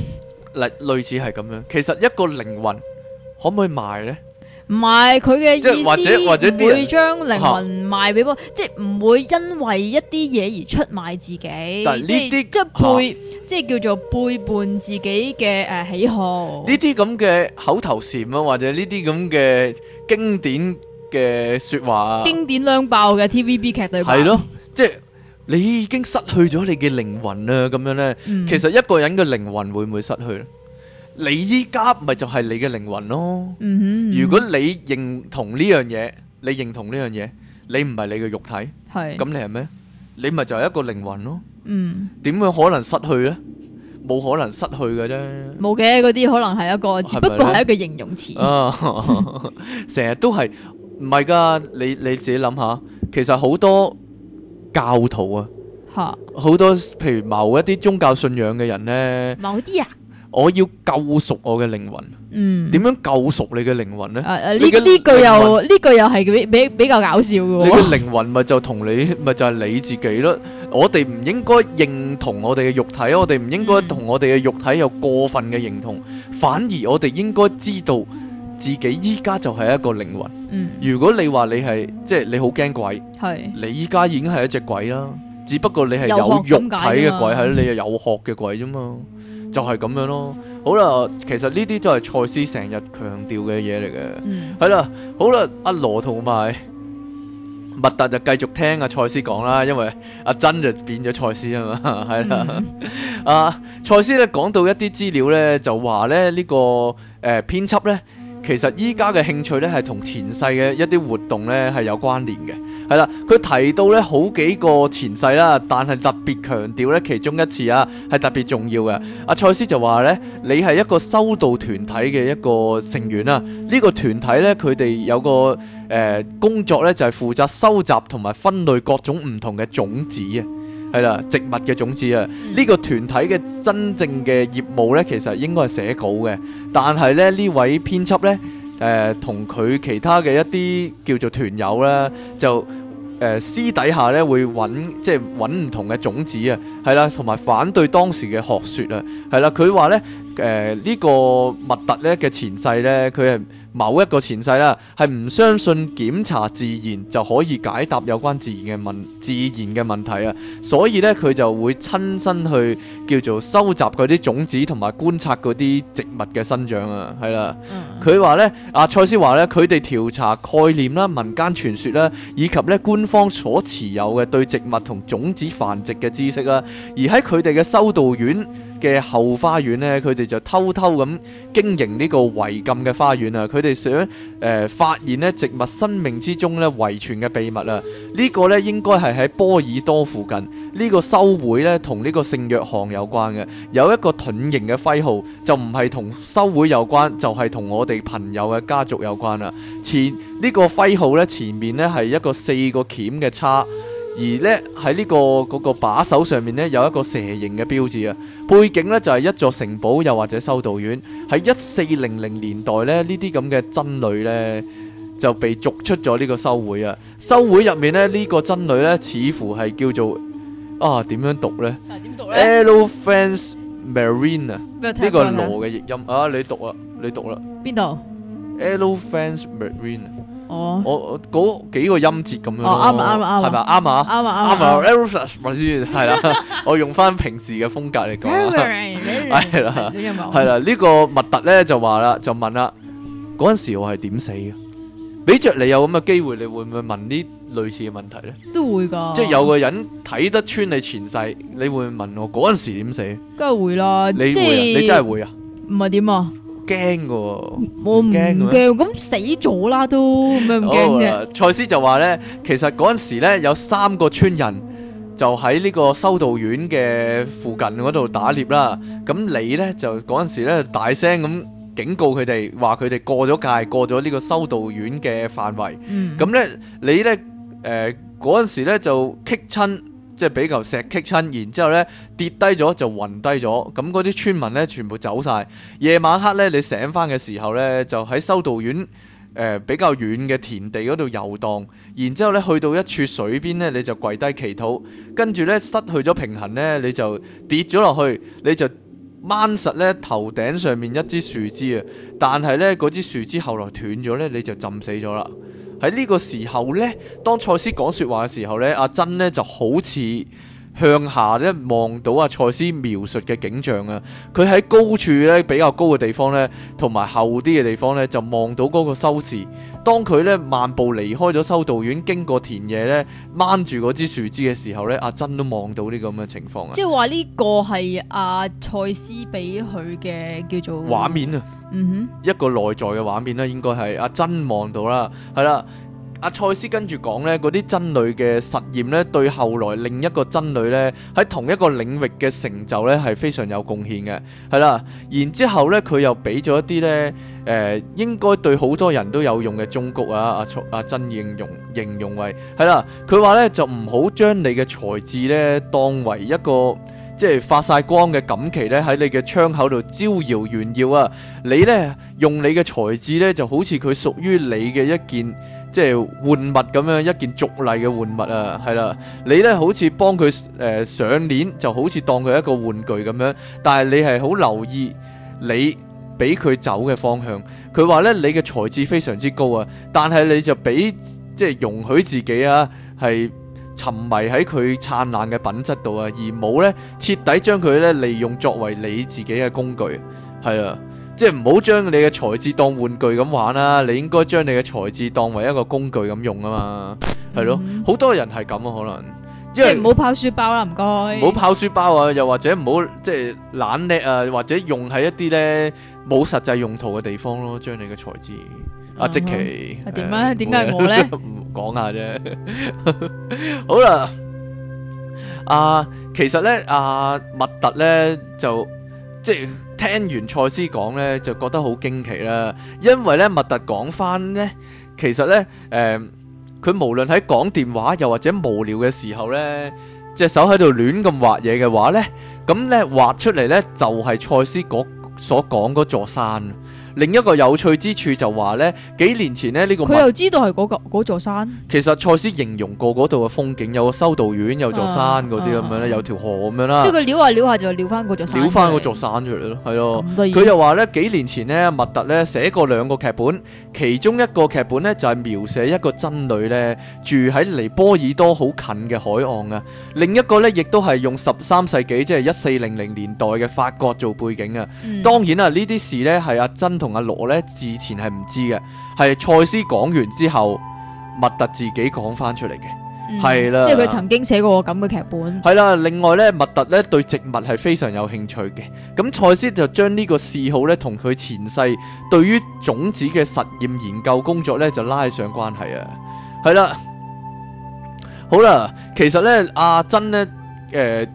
類類似係咁樣。其實一個靈魂可唔可以賣呢？唔係佢嘅意思或者，或者會將靈魂賣俾我，啊、即係唔會因為一啲嘢，而出賣自己，但係即係背，啊、即係叫做背叛自己嘅誒喜好。呢啲咁嘅口頭禪啊，或者呢啲咁嘅經典嘅說話，經典兩爆嘅 TVB 劇對白。係咯，即係你已經失去咗你嘅靈魂啦，咁樣咧。嗯、其實一個人嘅靈魂會唔會失去？你依家咪就係你嘅靈魂咯，嗯哼，如果你認同呢樣嘢，你認同呢樣嘢，你唔係你嘅肉體，咁你係咩？你咪就係一個靈魂咯，嗯，點會可能失去呢？冇可能失去嘅啫，冇嘅嗰啲可能係一個，只不過係一個形容詞，成日都係唔係噶？你你自己諗下，其實好多教徒啊，好多譬如某一啲宗教信仰嘅人呢，某啲啊。我要救贖我嘅靈魂，點樣救贖你嘅靈魂呢？呢呢句又呢句又係比比較搞笑嘅。你嘅靈魂咪就同你咪就係你自己咯。我哋唔應該認同我哋嘅肉體，我哋唔應該同我哋嘅肉體有過分嘅認同，反而我哋應該知道自己依家就係一個靈魂。嗯，如果你話你係即係你好驚鬼，係你依家已經係一隻鬼啦，只不過你係有肉體嘅鬼，係你係有殼嘅鬼啫嘛。就係咁樣咯，好啦，其實呢啲都係賽斯成日強調嘅嘢嚟嘅，係啦，好啦，阿羅同埋麥特就繼續聽阿賽斯講啦，因為阿珍就變咗賽斯啊嘛，係啦，阿賽斯咧講到一啲資料咧就話咧呢個誒編輯咧。其實依家嘅興趣咧係同前世嘅一啲活動咧係有關聯嘅，係啦，佢提到咧好幾個前世啦，但係特別強調咧其中一次啊係特別重要嘅。阿賽斯就話咧，你係一個修道團體嘅一個成員啦，呢、這個團體咧佢哋有個誒、呃、工作咧就係負責收集同埋分類各種唔同嘅種子啊。係啦，植物嘅種子啊，呢、這個團體嘅真正嘅業務呢，其實應該係寫稿嘅。但係咧，呢位編輯呢，誒、呃、同佢其他嘅一啲叫做團友呢，就誒、呃、私底下呢會揾，即係揾唔同嘅種子啊，係啦，同埋反對當時嘅學説啊，係啦，佢話呢，誒、呃、呢、這個麥特呢嘅前世呢，佢係。某一個前世啦，係唔相信檢查自然就可以解答有關自然嘅問自然嘅問題啊，所以咧佢就會親身去叫做收集嗰啲種子同埋觀察嗰啲植物嘅生長、嗯、啊，係啦，佢話咧阿賽斯話咧，佢哋調查概念啦、民間傳說啦，以及咧官方所持有嘅對植物同種子繁殖嘅知識啦，而喺佢哋嘅修道院。嘅後花園呢，佢哋就偷偷咁經營呢個違禁嘅花園啊。佢哋想誒、呃、發現咧植物生命之中咧遺傳嘅秘密啦。這個、呢個咧應該係喺波爾多附近。呢、這個修會呢，同呢個聖約翰有關嘅，有一個盾形嘅徽號，就唔係同修會有關，就係、是、同我哋朋友嘅家族有關啦。前呢、這個徽號呢，前面呢係一個四個鉗嘅叉。而咧喺呢、這個嗰、那個、把手上面咧有一個蛇形嘅標誌啊，背景咧就係、是、一座城堡又或者修道院。喺一四零零年代咧呢啲咁嘅僧侶咧就被逐出咗呢個修會啊。修會入面咧呢、這個僧侶咧似乎係叫做啊點樣讀咧？點讀咧？Elofense Marine 啊，呢個係羅嘅譯音，看看啊！你讀啊，你讀啦。邊度？Elofense Marine。我我嗰幾個音節咁樣，啱啱啱啊，係咪啱啊啱啊啱啊 e 咪係啦，我用翻平時嘅風格嚟講，係啦，係啦，呢個密特咧就話啦，就問啦，嗰陣時我係點死嘅？俾着你有咁嘅機會，你會唔會問呢類似嘅問題咧？都會噶，即係有個人睇得穿你前世，你會問我嗰陣時點死？梗係會啦，你即係你真係會啊？唔係點啊？驚嘅，冇唔驚嘅，咁我死咗啦都咁樣唔驚嘅。賽斯、oh, right. 就話咧，其實嗰陣時咧有三個村人就喺呢個修道院嘅附近嗰度打獵啦。咁你咧就嗰陣時咧大聲咁警告佢哋，話佢哋過咗界，過咗呢個修道院嘅範圍。咁咧、mm. 你咧誒嗰陣時咧就激親。即係俾嚿石擊親，然之後呢跌低咗就暈低咗。咁嗰啲村民呢，全部走晒。夜晚黑呢，你醒翻嘅時候呢，就喺修道院誒、呃、比較遠嘅田地嗰度遊蕩。然之後呢，去到一處水邊呢，你就跪低祈禱。跟住呢，失去咗平衡呢，你就跌咗落去，你就掹實呢頭頂上面一枝樹枝啊！但係呢，嗰枝樹枝後來斷咗呢，你就浸死咗啦。喺呢個時候，呢當賽斯講說話嘅時候，呢阿珍呢就好似，向下咧望到阿、啊、賽斯描述嘅景象啊，佢喺高處咧比較高嘅地方咧，同埋後啲嘅地方咧就望到嗰個修士。當佢咧漫步離開咗修道院，經過田野咧掹住嗰支樹枝嘅時候咧，阿、啊、珍都望到呢咁嘅情況啊。即係話呢個係阿、啊、賽斯俾佢嘅叫做畫面啊。嗯哼，一個內在嘅畫面咧、啊，應該係阿珍望到啦，係啦。阿賽斯跟住講咧，嗰啲僧侶嘅實驗咧，對後來另一個僧侶咧喺同一個領域嘅成就咧係非常有貢獻嘅，係啦。然之後咧，佢又俾咗一啲咧，誒應該對好多人都有用嘅忠告啊。阿阿真應用應用位係啦，佢話咧就唔好將你嘅才智咧當為一個即係發曬光嘅錦旗咧喺你嘅窗口度招搖炫耀啊。你咧用你嘅才智咧就好似佢屬於你嘅一件。即係玩物咁樣，一件俗例嘅玩物啊，係啦，你咧好似幫佢誒上鏈，就好似當佢一個玩具咁樣，但係你係好留意你俾佢走嘅方向。佢話咧你嘅才智非常之高啊，但係你就俾即係容許自己啊係沉迷喺佢燦爛嘅品質度啊，而冇咧徹底將佢咧利用作為你自己嘅工具，係啦。即係唔好將你嘅才智當玩具咁玩啦，你應該將你嘅才智當為一個工具咁用啊嘛，係咯，好、嗯、多人係咁啊，可能即係唔好拋書包啦，唔該，唔好拋書包啊，又或者唔好即係懶叻啊，或者用喺一啲咧冇實際用途嘅地方咯，將你嘅才智、嗯、哼奇啊，即其係點啊？點解我咧？唔講 下啫， 好啦，啊，其實咧，阿、啊、麥特咧就即係。啊聽完賽斯講呢，就覺得好驚奇啦，因為呢，麥特講返呢，其實呢，誒，佢無論喺講電話又或者無聊嘅時候呢，隻手喺度亂咁畫嘢嘅話呢，咁呢畫出嚟呢就係賽斯嗰所講嗰座山。另一個有趣之處就話呢幾年前呢，呢、這個佢又知道係嗰、那個、座山。其實賽斯形容過嗰度嘅風景，有個修道院，有座山嗰啲咁樣咧，有條河咁樣啦。即係佢撩下撩下就撩翻嗰座。撩翻嗰座山出嚟咯，係咯的。佢又話呢幾年前呢，麥特呢寫過兩個劇本，其中一個劇本呢就係、是、描寫一個僧侶呢住喺離波爾多好近嘅海岸啊。另一個呢，亦都係用十三世紀即係一四零零年代嘅法國做背景、嗯、啊。當然啦，呢啲事呢係阿珍。同阿羅呢，之前係唔知嘅，係賽斯講完之後，麥特自己講翻出嚟嘅，係啦、嗯。了即係佢曾經寫過咁嘅劇本。係啦，另外呢，麥特呢對植物係非常有興趣嘅，咁賽斯就將呢個嗜好呢同佢前世對於種子嘅實驗研究工作呢就拉上關係啊，係啦。好啦，其實呢，阿珍呢。誒、呃。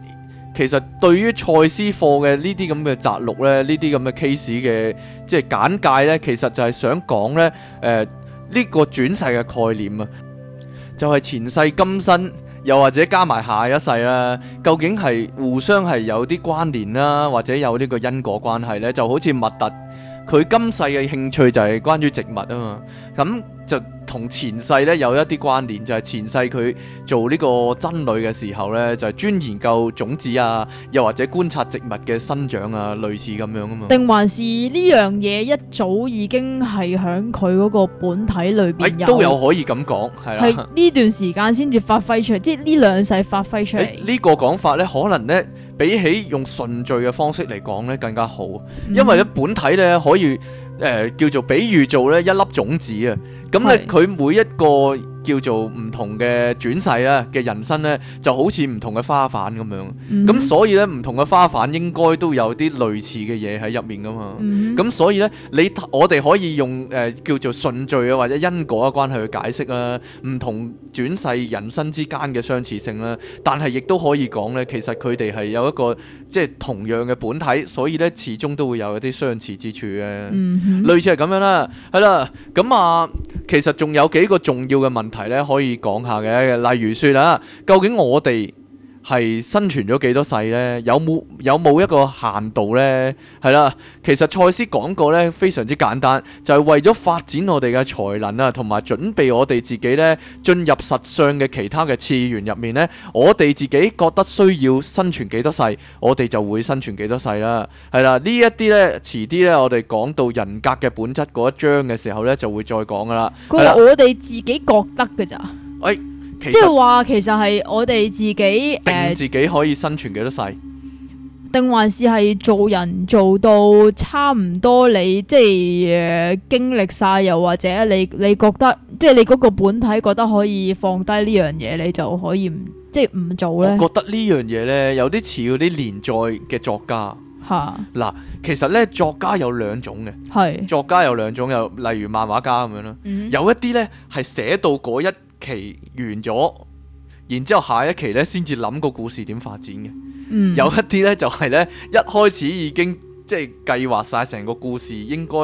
其實對於蔡斯貨嘅呢啲咁嘅摘錄咧，呢啲咁嘅 case 嘅即係簡介咧，其實就係想講咧，誒、呃、呢、這個轉世嘅概念啊，就係、是、前世今生，又或者加埋下一世啦，究竟係互相係有啲關聯啦、啊，或者有呢個因果關係咧，就好似麥特佢今世嘅興趣就係關於植物啊嘛，咁。就同前世咧有一啲關聯，就係、是、前世佢做呢個僧侶嘅時候咧，就係、是、專研究種子啊，又或者觀察植物嘅生長啊，類似咁樣啊嘛。定還是呢樣嘢一早已經係響佢嗰個本體裏邊、哎、都有可以咁講，係啦。係 呢段時間先至發揮出嚟，即係呢兩世發揮出嚟。哎這個、呢個講法咧，可能咧比起用順序嘅方式嚟講咧，更加好，因為咧本體咧可以。嗯誒、呃、叫做，比喻做咧一粒種子啊，咁咧佢每一個。叫做唔同嘅轉世啦嘅人生咧，就好似唔同嘅花瓣咁樣咁、mm hmm. 所以咧，唔同嘅花瓣應該都有啲類似嘅嘢喺入面噶嘛。咁、mm hmm. 所以咧，你我哋可以用誒、呃、叫做順序啊，或者因果嘅關係去解釋啦，唔同轉世人生之間嘅相似性啦。但係亦都可以講咧，其實佢哋係有一個即係同樣嘅本體，所以咧始終都會有一啲相似之處嘅。Mm hmm. 類似係咁樣啦，係啦。咁啊，其實仲有幾個重要嘅問。題咧可以講下嘅，例如說啊，究竟我哋，係生存咗幾多世呢？有冇有冇一個限度呢？係啦，其實賽斯講過呢，非常之簡單，就係、是、為咗發展我哋嘅才能啊，同埋準備我哋自己呢進入實相嘅其他嘅次元入面呢，我哋自己覺得需要生存幾多世，我哋就會生存幾多世啦。係啦，呢一啲呢，遲啲呢，我哋講到人格嘅本質嗰一章嘅時候呢，就會再講噶啦。嗰個我哋自己覺得嘅咋？喂、哎。即係話，其實係我哋自己誒，自己可以生存幾多世，呃，定還是係做人做到差唔多你？你即係誒、呃、經歷晒，又或者你你覺得，即係你嗰個本體覺得可以放低呢樣嘢，你就可以唔即係唔做咧？我覺得呢樣嘢咧，有啲似嗰啲連載嘅作家吓。嗱哈，其實咧作家有兩種嘅，係是作家有兩種，有例如漫畫家咁樣咯。嗯、有一啲咧係寫到嗰一。期完咗，然之後下一期咧先至諗個故事點發展嘅，嗯、有一啲咧就係、是、咧一開始已經。即係計劃晒成個故事應該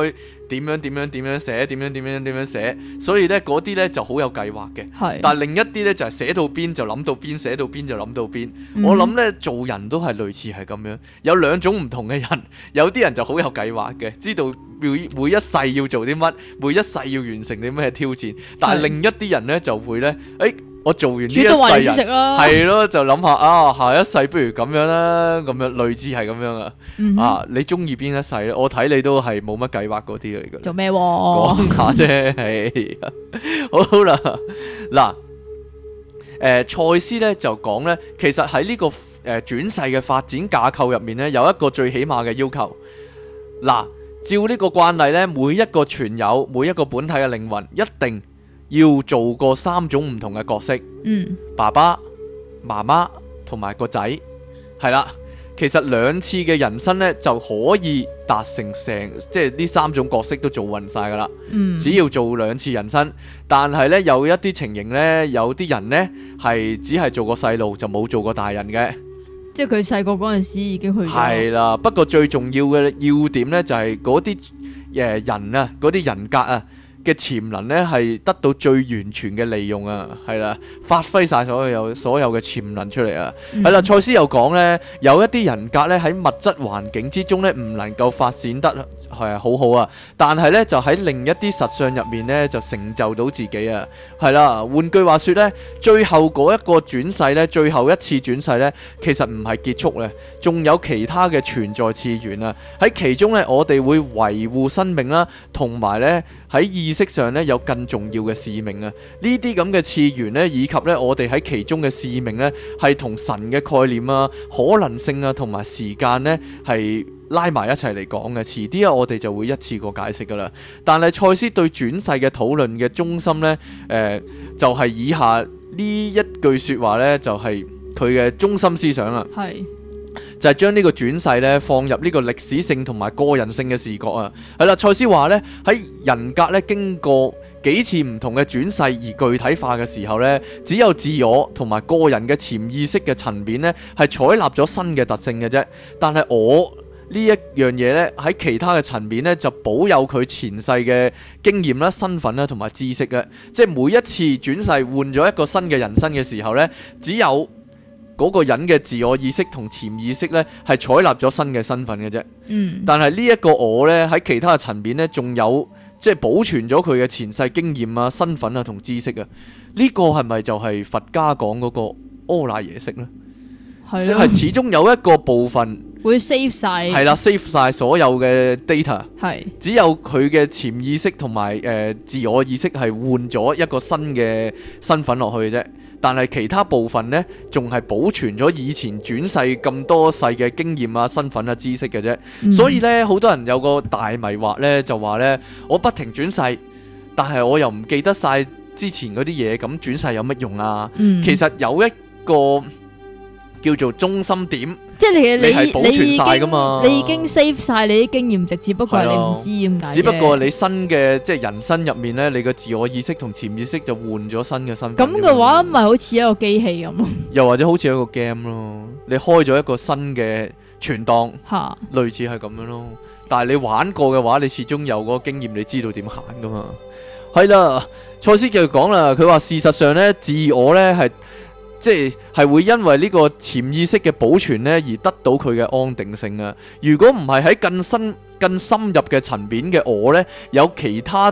點樣點樣點樣寫，點樣點樣點樣寫，所以咧嗰啲咧就好有計劃嘅。係，但係另一啲咧就係寫到邊就諗到邊，寫到邊就諗到邊。我諗咧做人都係類似係咁樣，有兩種唔同嘅人，有啲人就好有計劃嘅，知道每每一世要做啲乜，每一世要完成啲咩挑戰。但係另一啲人咧就會咧，誒。我做完呢一世，係咯，就諗下啊，下一世不如咁樣啦，咁樣類似係咁樣啊。啊，你中意邊一世咧？我睇你都係冇乜計劃嗰啲嚟嘅。做咩？講下啫，係啊。好啦，嗱，誒，賽斯咧就講咧，其實喺呢個誒轉世嘅發展架構入面咧，有一個最起碼嘅要求。嗱，照呢個慣例咧，每一個存有，每一個本體嘅靈魂，一定要做過三種唔同嘅角色，嗯，爸爸、媽媽同埋個仔，係啦，其實兩次嘅人生呢，就可以達成成，即係呢三種角色都做勻晒噶啦，嗯，只要做兩次人生，但係呢，有一啲情形呢，有啲人呢，係只係做過細路就冇做過大人嘅，即係佢細個嗰陣時已經去咗，係啦，不過最重要嘅要點呢，就係嗰啲誒人啊，嗰啲人格啊。嘅潛能咧，係得到最完全嘅利用啊，係啦，發揮晒所有有所有嘅潛能出嚟啊，係啦，賽斯又講咧，有一啲人格咧，喺物質環境之中咧，唔能夠發展得係好好啊，但係咧就喺另一啲實相入面咧，就成就到自己啊，係啦，換句話說咧，最後嗰一個轉世咧，最後一次轉世咧，其實唔係結束咧，仲有其他嘅存在次元啊，喺其中咧，我哋會維護生命啦，同埋咧。喺意識上咧有更重要嘅使命啊！呢啲咁嘅次元咧，以及咧我哋喺其中嘅使命咧，係同神嘅概念啊、可能性啊同埋時間咧係拉埋一齊嚟講嘅。遲啲啊，我哋就會一次過解釋噶啦。但係賽斯對轉世嘅討論嘅中心咧，誒、呃、就係、是、以下呢一句說話咧，就係佢嘅中心思想啦。係。就係將呢個轉世咧放入呢個歷史性同埋個人性嘅視角啊，係啦，賽斯話咧喺人格咧經過幾次唔同嘅轉世而具體化嘅時候咧，只有自我同埋個人嘅潛意識嘅層面咧係採納咗新嘅特性嘅啫，但係我呢一樣嘢咧喺其他嘅層面咧就保有佢前世嘅經驗啦、身份啦同埋知識嘅，即係每一次轉世換咗一個新嘅人生嘅時候咧，只有。嗰個人嘅自我意識同潛意識呢，係採納咗新嘅身份嘅啫。嗯。但係呢一個我呢，喺其他嘅層面呢，仲有即係保存咗佢嘅前世經驗啊、身份啊同知識啊。呢個係咪就係佛家講嗰個阿賴耶識咧？係。始終有一個部分會 save 晒。係啦，save 晒所有嘅 data 是。係。只有佢嘅潛意識同埋誒自我意識係換咗一個新嘅身份落去嘅啫。但係其他部分呢，仲係保存咗以前轉世咁多世嘅經驗啊、身份啊、知識嘅啫。嗯、所以呢，好多人有個大迷惑呢，就話呢：「我不停轉世，但係我又唔記得晒之前嗰啲嘢，咁轉世有乜用啊？」嗯、其實有一個叫做中心點。即係你，你你已經，你已經 save 晒你啲經驗值，只不過你唔知點解。只不過你新嘅，即係人生入面咧，你個自我意識同潛意識就換咗新嘅身份。咁嘅話咪好似一個機器咁咯。又或者好似一個 game 咯，你開咗一個新嘅存檔，類似係咁樣咯。但係你玩過嘅話，你始終有嗰個經驗，你知道點行噶嘛？係啦，賽斯繼續講啦，佢話事實上咧，自我咧係。即係係會因為呢個潛意識嘅保存咧，而得到佢嘅安定性啊！如果唔係喺更深、更深入嘅層面嘅我呢，有其他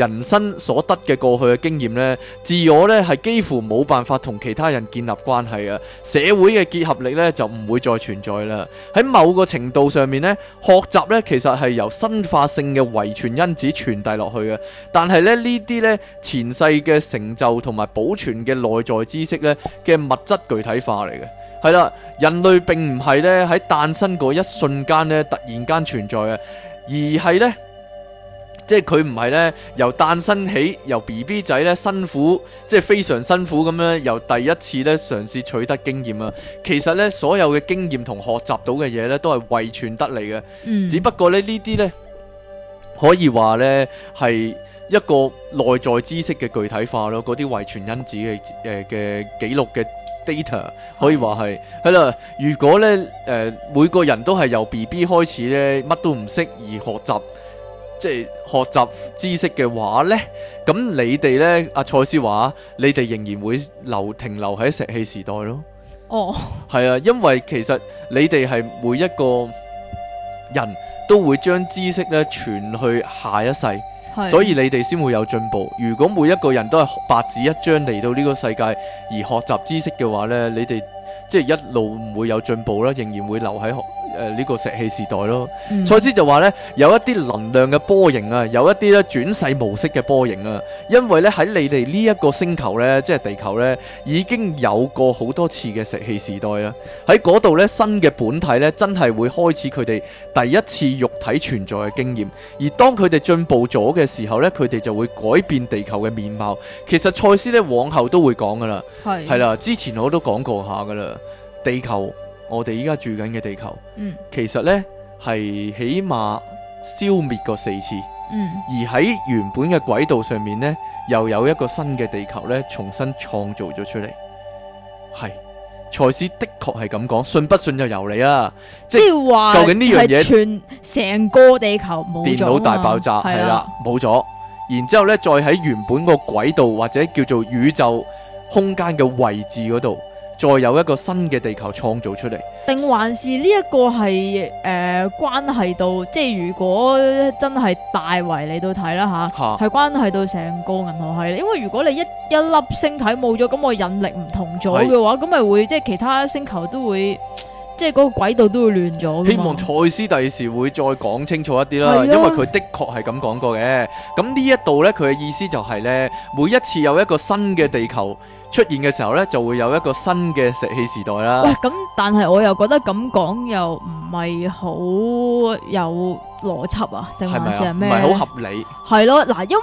人生所得嘅過去嘅經驗呢，自我呢係幾乎冇辦法同其他人建立關係嘅，社會嘅結合力呢，就唔會再存在啦。喺某個程度上面呢，學習呢其實係由生化性嘅遺傳因子傳遞落去嘅，但係咧呢啲呢，前世嘅成就同埋保存嘅內在知識呢嘅物質具體化嚟嘅，係啦，人類並唔係呢喺誕生嗰一瞬間呢突然間存在嘅，而係呢。即係佢唔係咧，由誕生起，由 B B 仔咧辛苦，即係非常辛苦咁樣，由第一次咧嘗試取得經驗啊。其實咧，所有嘅經驗同學習到嘅嘢咧，都係遺傳得嚟嘅。嗯、只不過咧呢啲咧可以話咧係一個內在知識嘅具體化咯，嗰啲遺傳因子嘅誒嘅、呃、記錄嘅 data 可以話係係啦。如果咧誒、呃，每個人都係由 B B 開始咧，乜都唔識而學習。即係學習知識嘅話呢，咁你哋呢，阿賽斯華，你哋仍然會留停留喺石器時代咯。哦，係啊，因為其實你哋係每一個人都會將知識呢傳去下一世，oh. 所以你哋先會有進步。如果每一個人都係白紙一張嚟到呢個世界而學習知識嘅話呢，你哋。即係一路唔會有進步啦，仍然會留喺誒呢個石器時代咯。賽斯、嗯、就話呢，有一啲能量嘅波形啊，有一啲咧轉世模式嘅波形啊，因為呢，喺你哋呢一個星球呢，即係地球呢，已經有過好多次嘅石器時代啦。喺嗰度呢，新嘅本體呢，真係會開始佢哋第一次肉體存在嘅經驗。而當佢哋進步咗嘅時候呢，佢哋就會改變地球嘅面貌。其實賽斯呢，往後都會講噶啦，係啦是，之前我都講過下噶啦。地球，我哋依家住緊嘅地球，嗯、其實呢係起碼消滅過四次，嗯、而喺原本嘅軌道上面呢，又有一個新嘅地球呢，重新創造咗出嚟。係，賽斯的確係咁講，信不信就由你啦！即係話是究竟呢樣嘢全成個地球冇咗，啊，電腦大爆炸係啦，冇咗的，然之後呢再喺原本個軌道或者叫做宇宙空間嘅位置嗰度。再有一個新嘅地球創造出嚟，定還是呢一個係誒、呃、關係到，即係如果真係大為你都睇啦吓，係、啊啊、關係到成個銀河系。因為如果你一一粒星體冇咗，咁我引力唔同咗嘅話，咁咪是會即係其他星球都會，即係嗰個軌道都會亂咗。希望賽斯第時會再講清楚一啲啦，啊、因為佢的確係咁講過嘅。咁呢一度呢，佢嘅意思就係、是、呢：每一次有一個新嘅地球出現嘅時候呢，就會有一個新嘅石器時代啦。喂，咁但係我又覺得咁講又唔係好有邏輯啊，定係咩？唔係好合理。係咯，嗱，因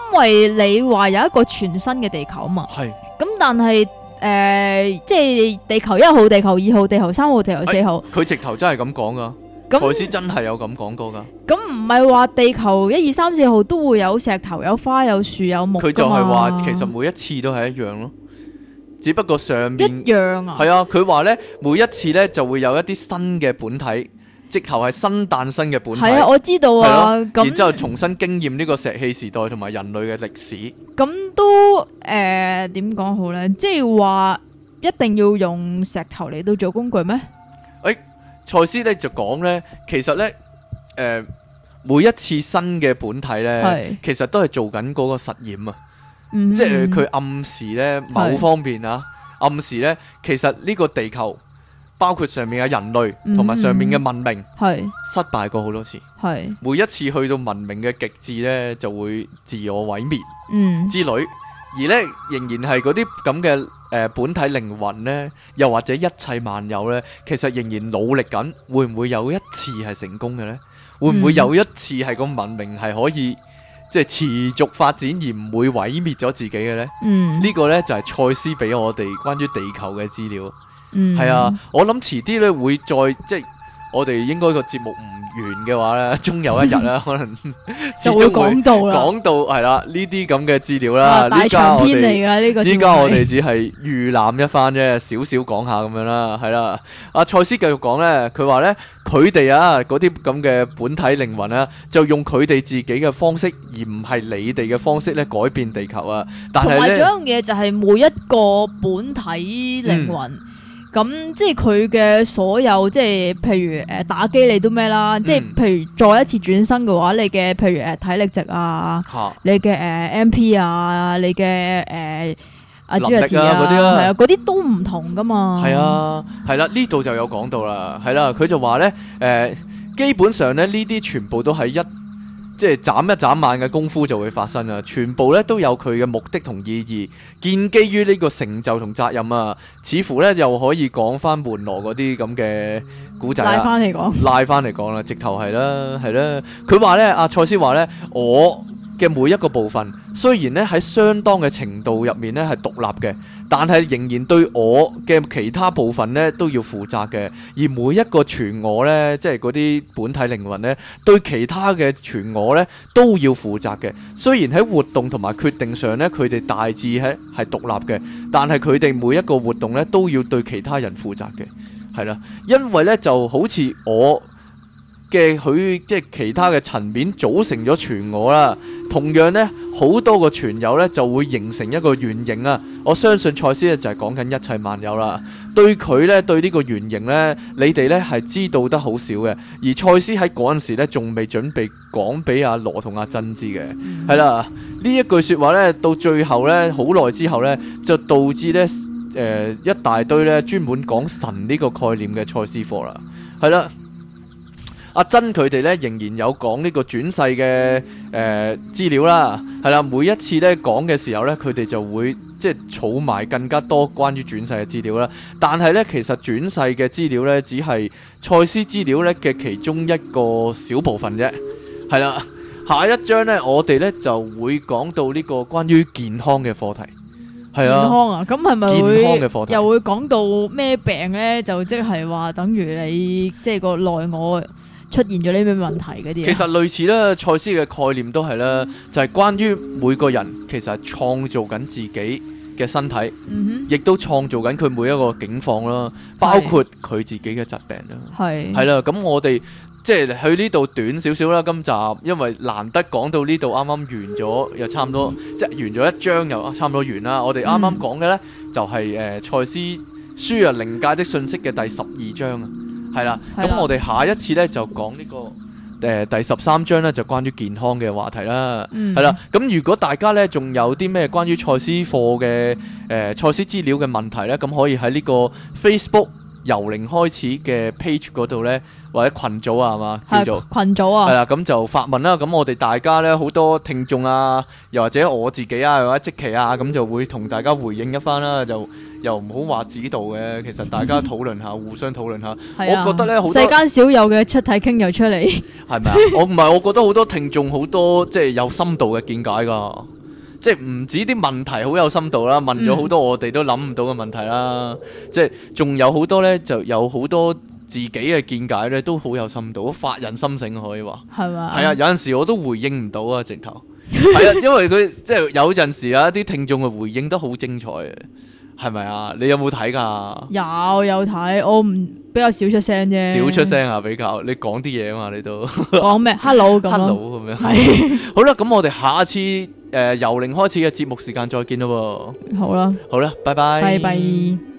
為你話有一個全新嘅地球啊嘛。係是。咁但係誒、呃，即係地球一號、地球二號、地球三號、地球四號，佢、欸、直頭那真係咁講噶。賽斯真係有咁講過噶。咁唔係話地球一二三四號都會有石頭、有花、有樹、有木。佢就係話，其實每一次都係一樣咯。只不過上面一樣啊，係啊，佢話呢每一次呢就會有一啲新嘅本體，直頭係新誕生嘅本體。係啊，我知道啊。咁然之後重新經驗呢個石器時代同埋人類嘅歷史。咁都誒，點講好呢？即係話一定要用石頭嚟到做工具咩？誒，賽斯呢就講呢，其實呢誒每一次新嘅本體呢，其實都係做緊嗰個實驗啊。即係佢暗示呢某方面啊，暗示呢其實呢個地球包括上面嘅人類同埋上面嘅文明，失敗過好多次。係每一次去到文明嘅極致呢，就會自我毀滅之類。而呢仍然係嗰啲咁嘅誒本體靈魂呢，又或者一切萬有呢，其實仍然努力緊，會唔會有一次係成功嘅呢？會唔會有一次係個文明係可以？即係持續發展而唔會毀滅咗自己嘅咧，呢、嗯、個呢就係賽斯俾我哋關於地球嘅資料。係、嗯、啊，我諗遲啲咧會再即係。我哋應該個節目唔完嘅話咧，終有一日啦， 可能就會講到啦。講到係啦，呢啲咁嘅資料啦，依家、啊、我哋依家我哋只係預覽一番啫，少少講下咁樣啦，係啦。阿賽斯繼續講咧，佢話咧，佢哋啊嗰啲咁嘅本體靈魂咧、啊，就用佢哋自己嘅方式，而唔係你哋嘅方式咧改變地球啊。但同埋，仲有一樣嘢就係每一個本體靈魂、嗯。咁即係佢嘅所有，即係譬如誒打機你都咩啦？即係譬如再一次轉身嘅話，你嘅譬如誒體力值啊，哈 你嘅誒 M P 啊，你嘅誒啊專業技能嗰啲啊，嗰啲、啊啊、都唔同噶嘛。係啊，係啦、啊，呢度就有講到啦，係啦、啊，佢就話咧，誒、呃，基本上咧呢啲全部都喺一。即係眨一眨眼嘅功夫就會發生啦，全部咧都有佢嘅目的同意義，建基於呢個成就同責任啊，似乎咧又可以講翻門羅嗰啲咁嘅古仔。拉翻嚟講，拉翻嚟講啦，直頭係啦，係啦。佢話咧，阿賽斯話咧，我。嘅每一個部分，雖然咧喺相當嘅程度入面咧係獨立嘅，但係仍然對我嘅其他部分咧都要負責嘅。而每一個全我咧，即係嗰啲本體靈魂咧，對其他嘅全我咧都要負責嘅。雖然喺活動同埋決定上咧，佢哋大致喺係獨立嘅，但係佢哋每一個活動咧都要對其他人負責嘅。係啦，因為咧就好似我。嘅佢即係其他嘅層面組成咗全我啦，同樣呢，好多個全友呢就會形成一個原型啊！我相信賽斯咧就係講緊一切萬有啦，對佢呢，對呢個原型呢，你哋呢係知道得好少嘅，而賽斯喺嗰陣時咧仲未準備講俾阿羅同阿珍知嘅，係啦，呢一句說話呢，到最後呢，好耐之後呢，就導致呢誒、呃、一大堆呢專門講神呢個概念嘅賽斯課啦，係啦。阿珍佢哋咧仍然有講呢個轉世嘅誒資料啦，係啦，每一次咧講嘅時候咧，佢哋就會即係儲埋更加多關於轉世嘅資料啦。但係咧，其實轉世嘅資料咧，只係賽斯資料咧嘅其中一個小部分啫。係啦，下一章咧，我哋咧就會講到呢個關於健康嘅課題。係啊，健康啊，咁係咪健康嘅課題又會講到咩病咧？就即係話等於你即係、就是、個內外。出現咗呢啲問題嗰啲，其實類似咧，賽斯嘅概念都係啦，就係、是、關於每個人其實創造緊自己嘅身體，亦、嗯、哼都創造緊佢每一個境況啦，包括佢自己嘅疾病啦。係係啦，咁我哋即係去呢度短少少啦，今集因為難得講到呢度，啱啱完咗又差唔多，嗯、即係完咗一章又差唔多完啦。我哋啱啱講嘅呢，嗯、就係誒賽斯輸入靈界的訊息嘅第十二章啊。係啦，咁我哋下一次呢就講呢、這個誒、呃、第十三章呢，就關於健康嘅話題啦。係啦、嗯，咁如果大家呢仲有啲咩關於賽斯課嘅誒賽斯資料嘅問題呢，咁可以喺呢個 Facebook 由零開始嘅 page 嗰度呢，或者群組啊，係嘛，叫做群組啊。係啦，咁就發問啦。咁我哋大家呢，好多聽眾啊，又或者我自己啊，又或者積奇啊，咁就會同大家回應一番啦。就又唔好話指導嘅，其實大家討論下， 互相討論下。啊、我覺得呢，好世間少有嘅出體傾，又出嚟係咪啊？我唔係，我覺得好多聽眾好多即係有深度嘅見解㗎，即係唔止啲問題好有深度啦，問咗好多我哋都諗唔到嘅問題啦。嗯、即係仲有好多呢，就有好多自己嘅見解呢，都好有深度，發人深省可以話係嘛？係嗎啊，有陣時我都回應唔到啊，直頭係 啊，因為佢即係有陣時啊，啲聽眾嘅回應都好精彩啊。係咪啊？你有冇睇噶？有有睇，我唔比較少出聲啫。少出聲啊，比較，你講啲嘢啊嘛，你都講咩？Hello，咁 Hello 咁樣。係 好啦，咁我哋下一次誒由零開始嘅節目時間再見咯。好啦，好啦，拜拜，拜拜。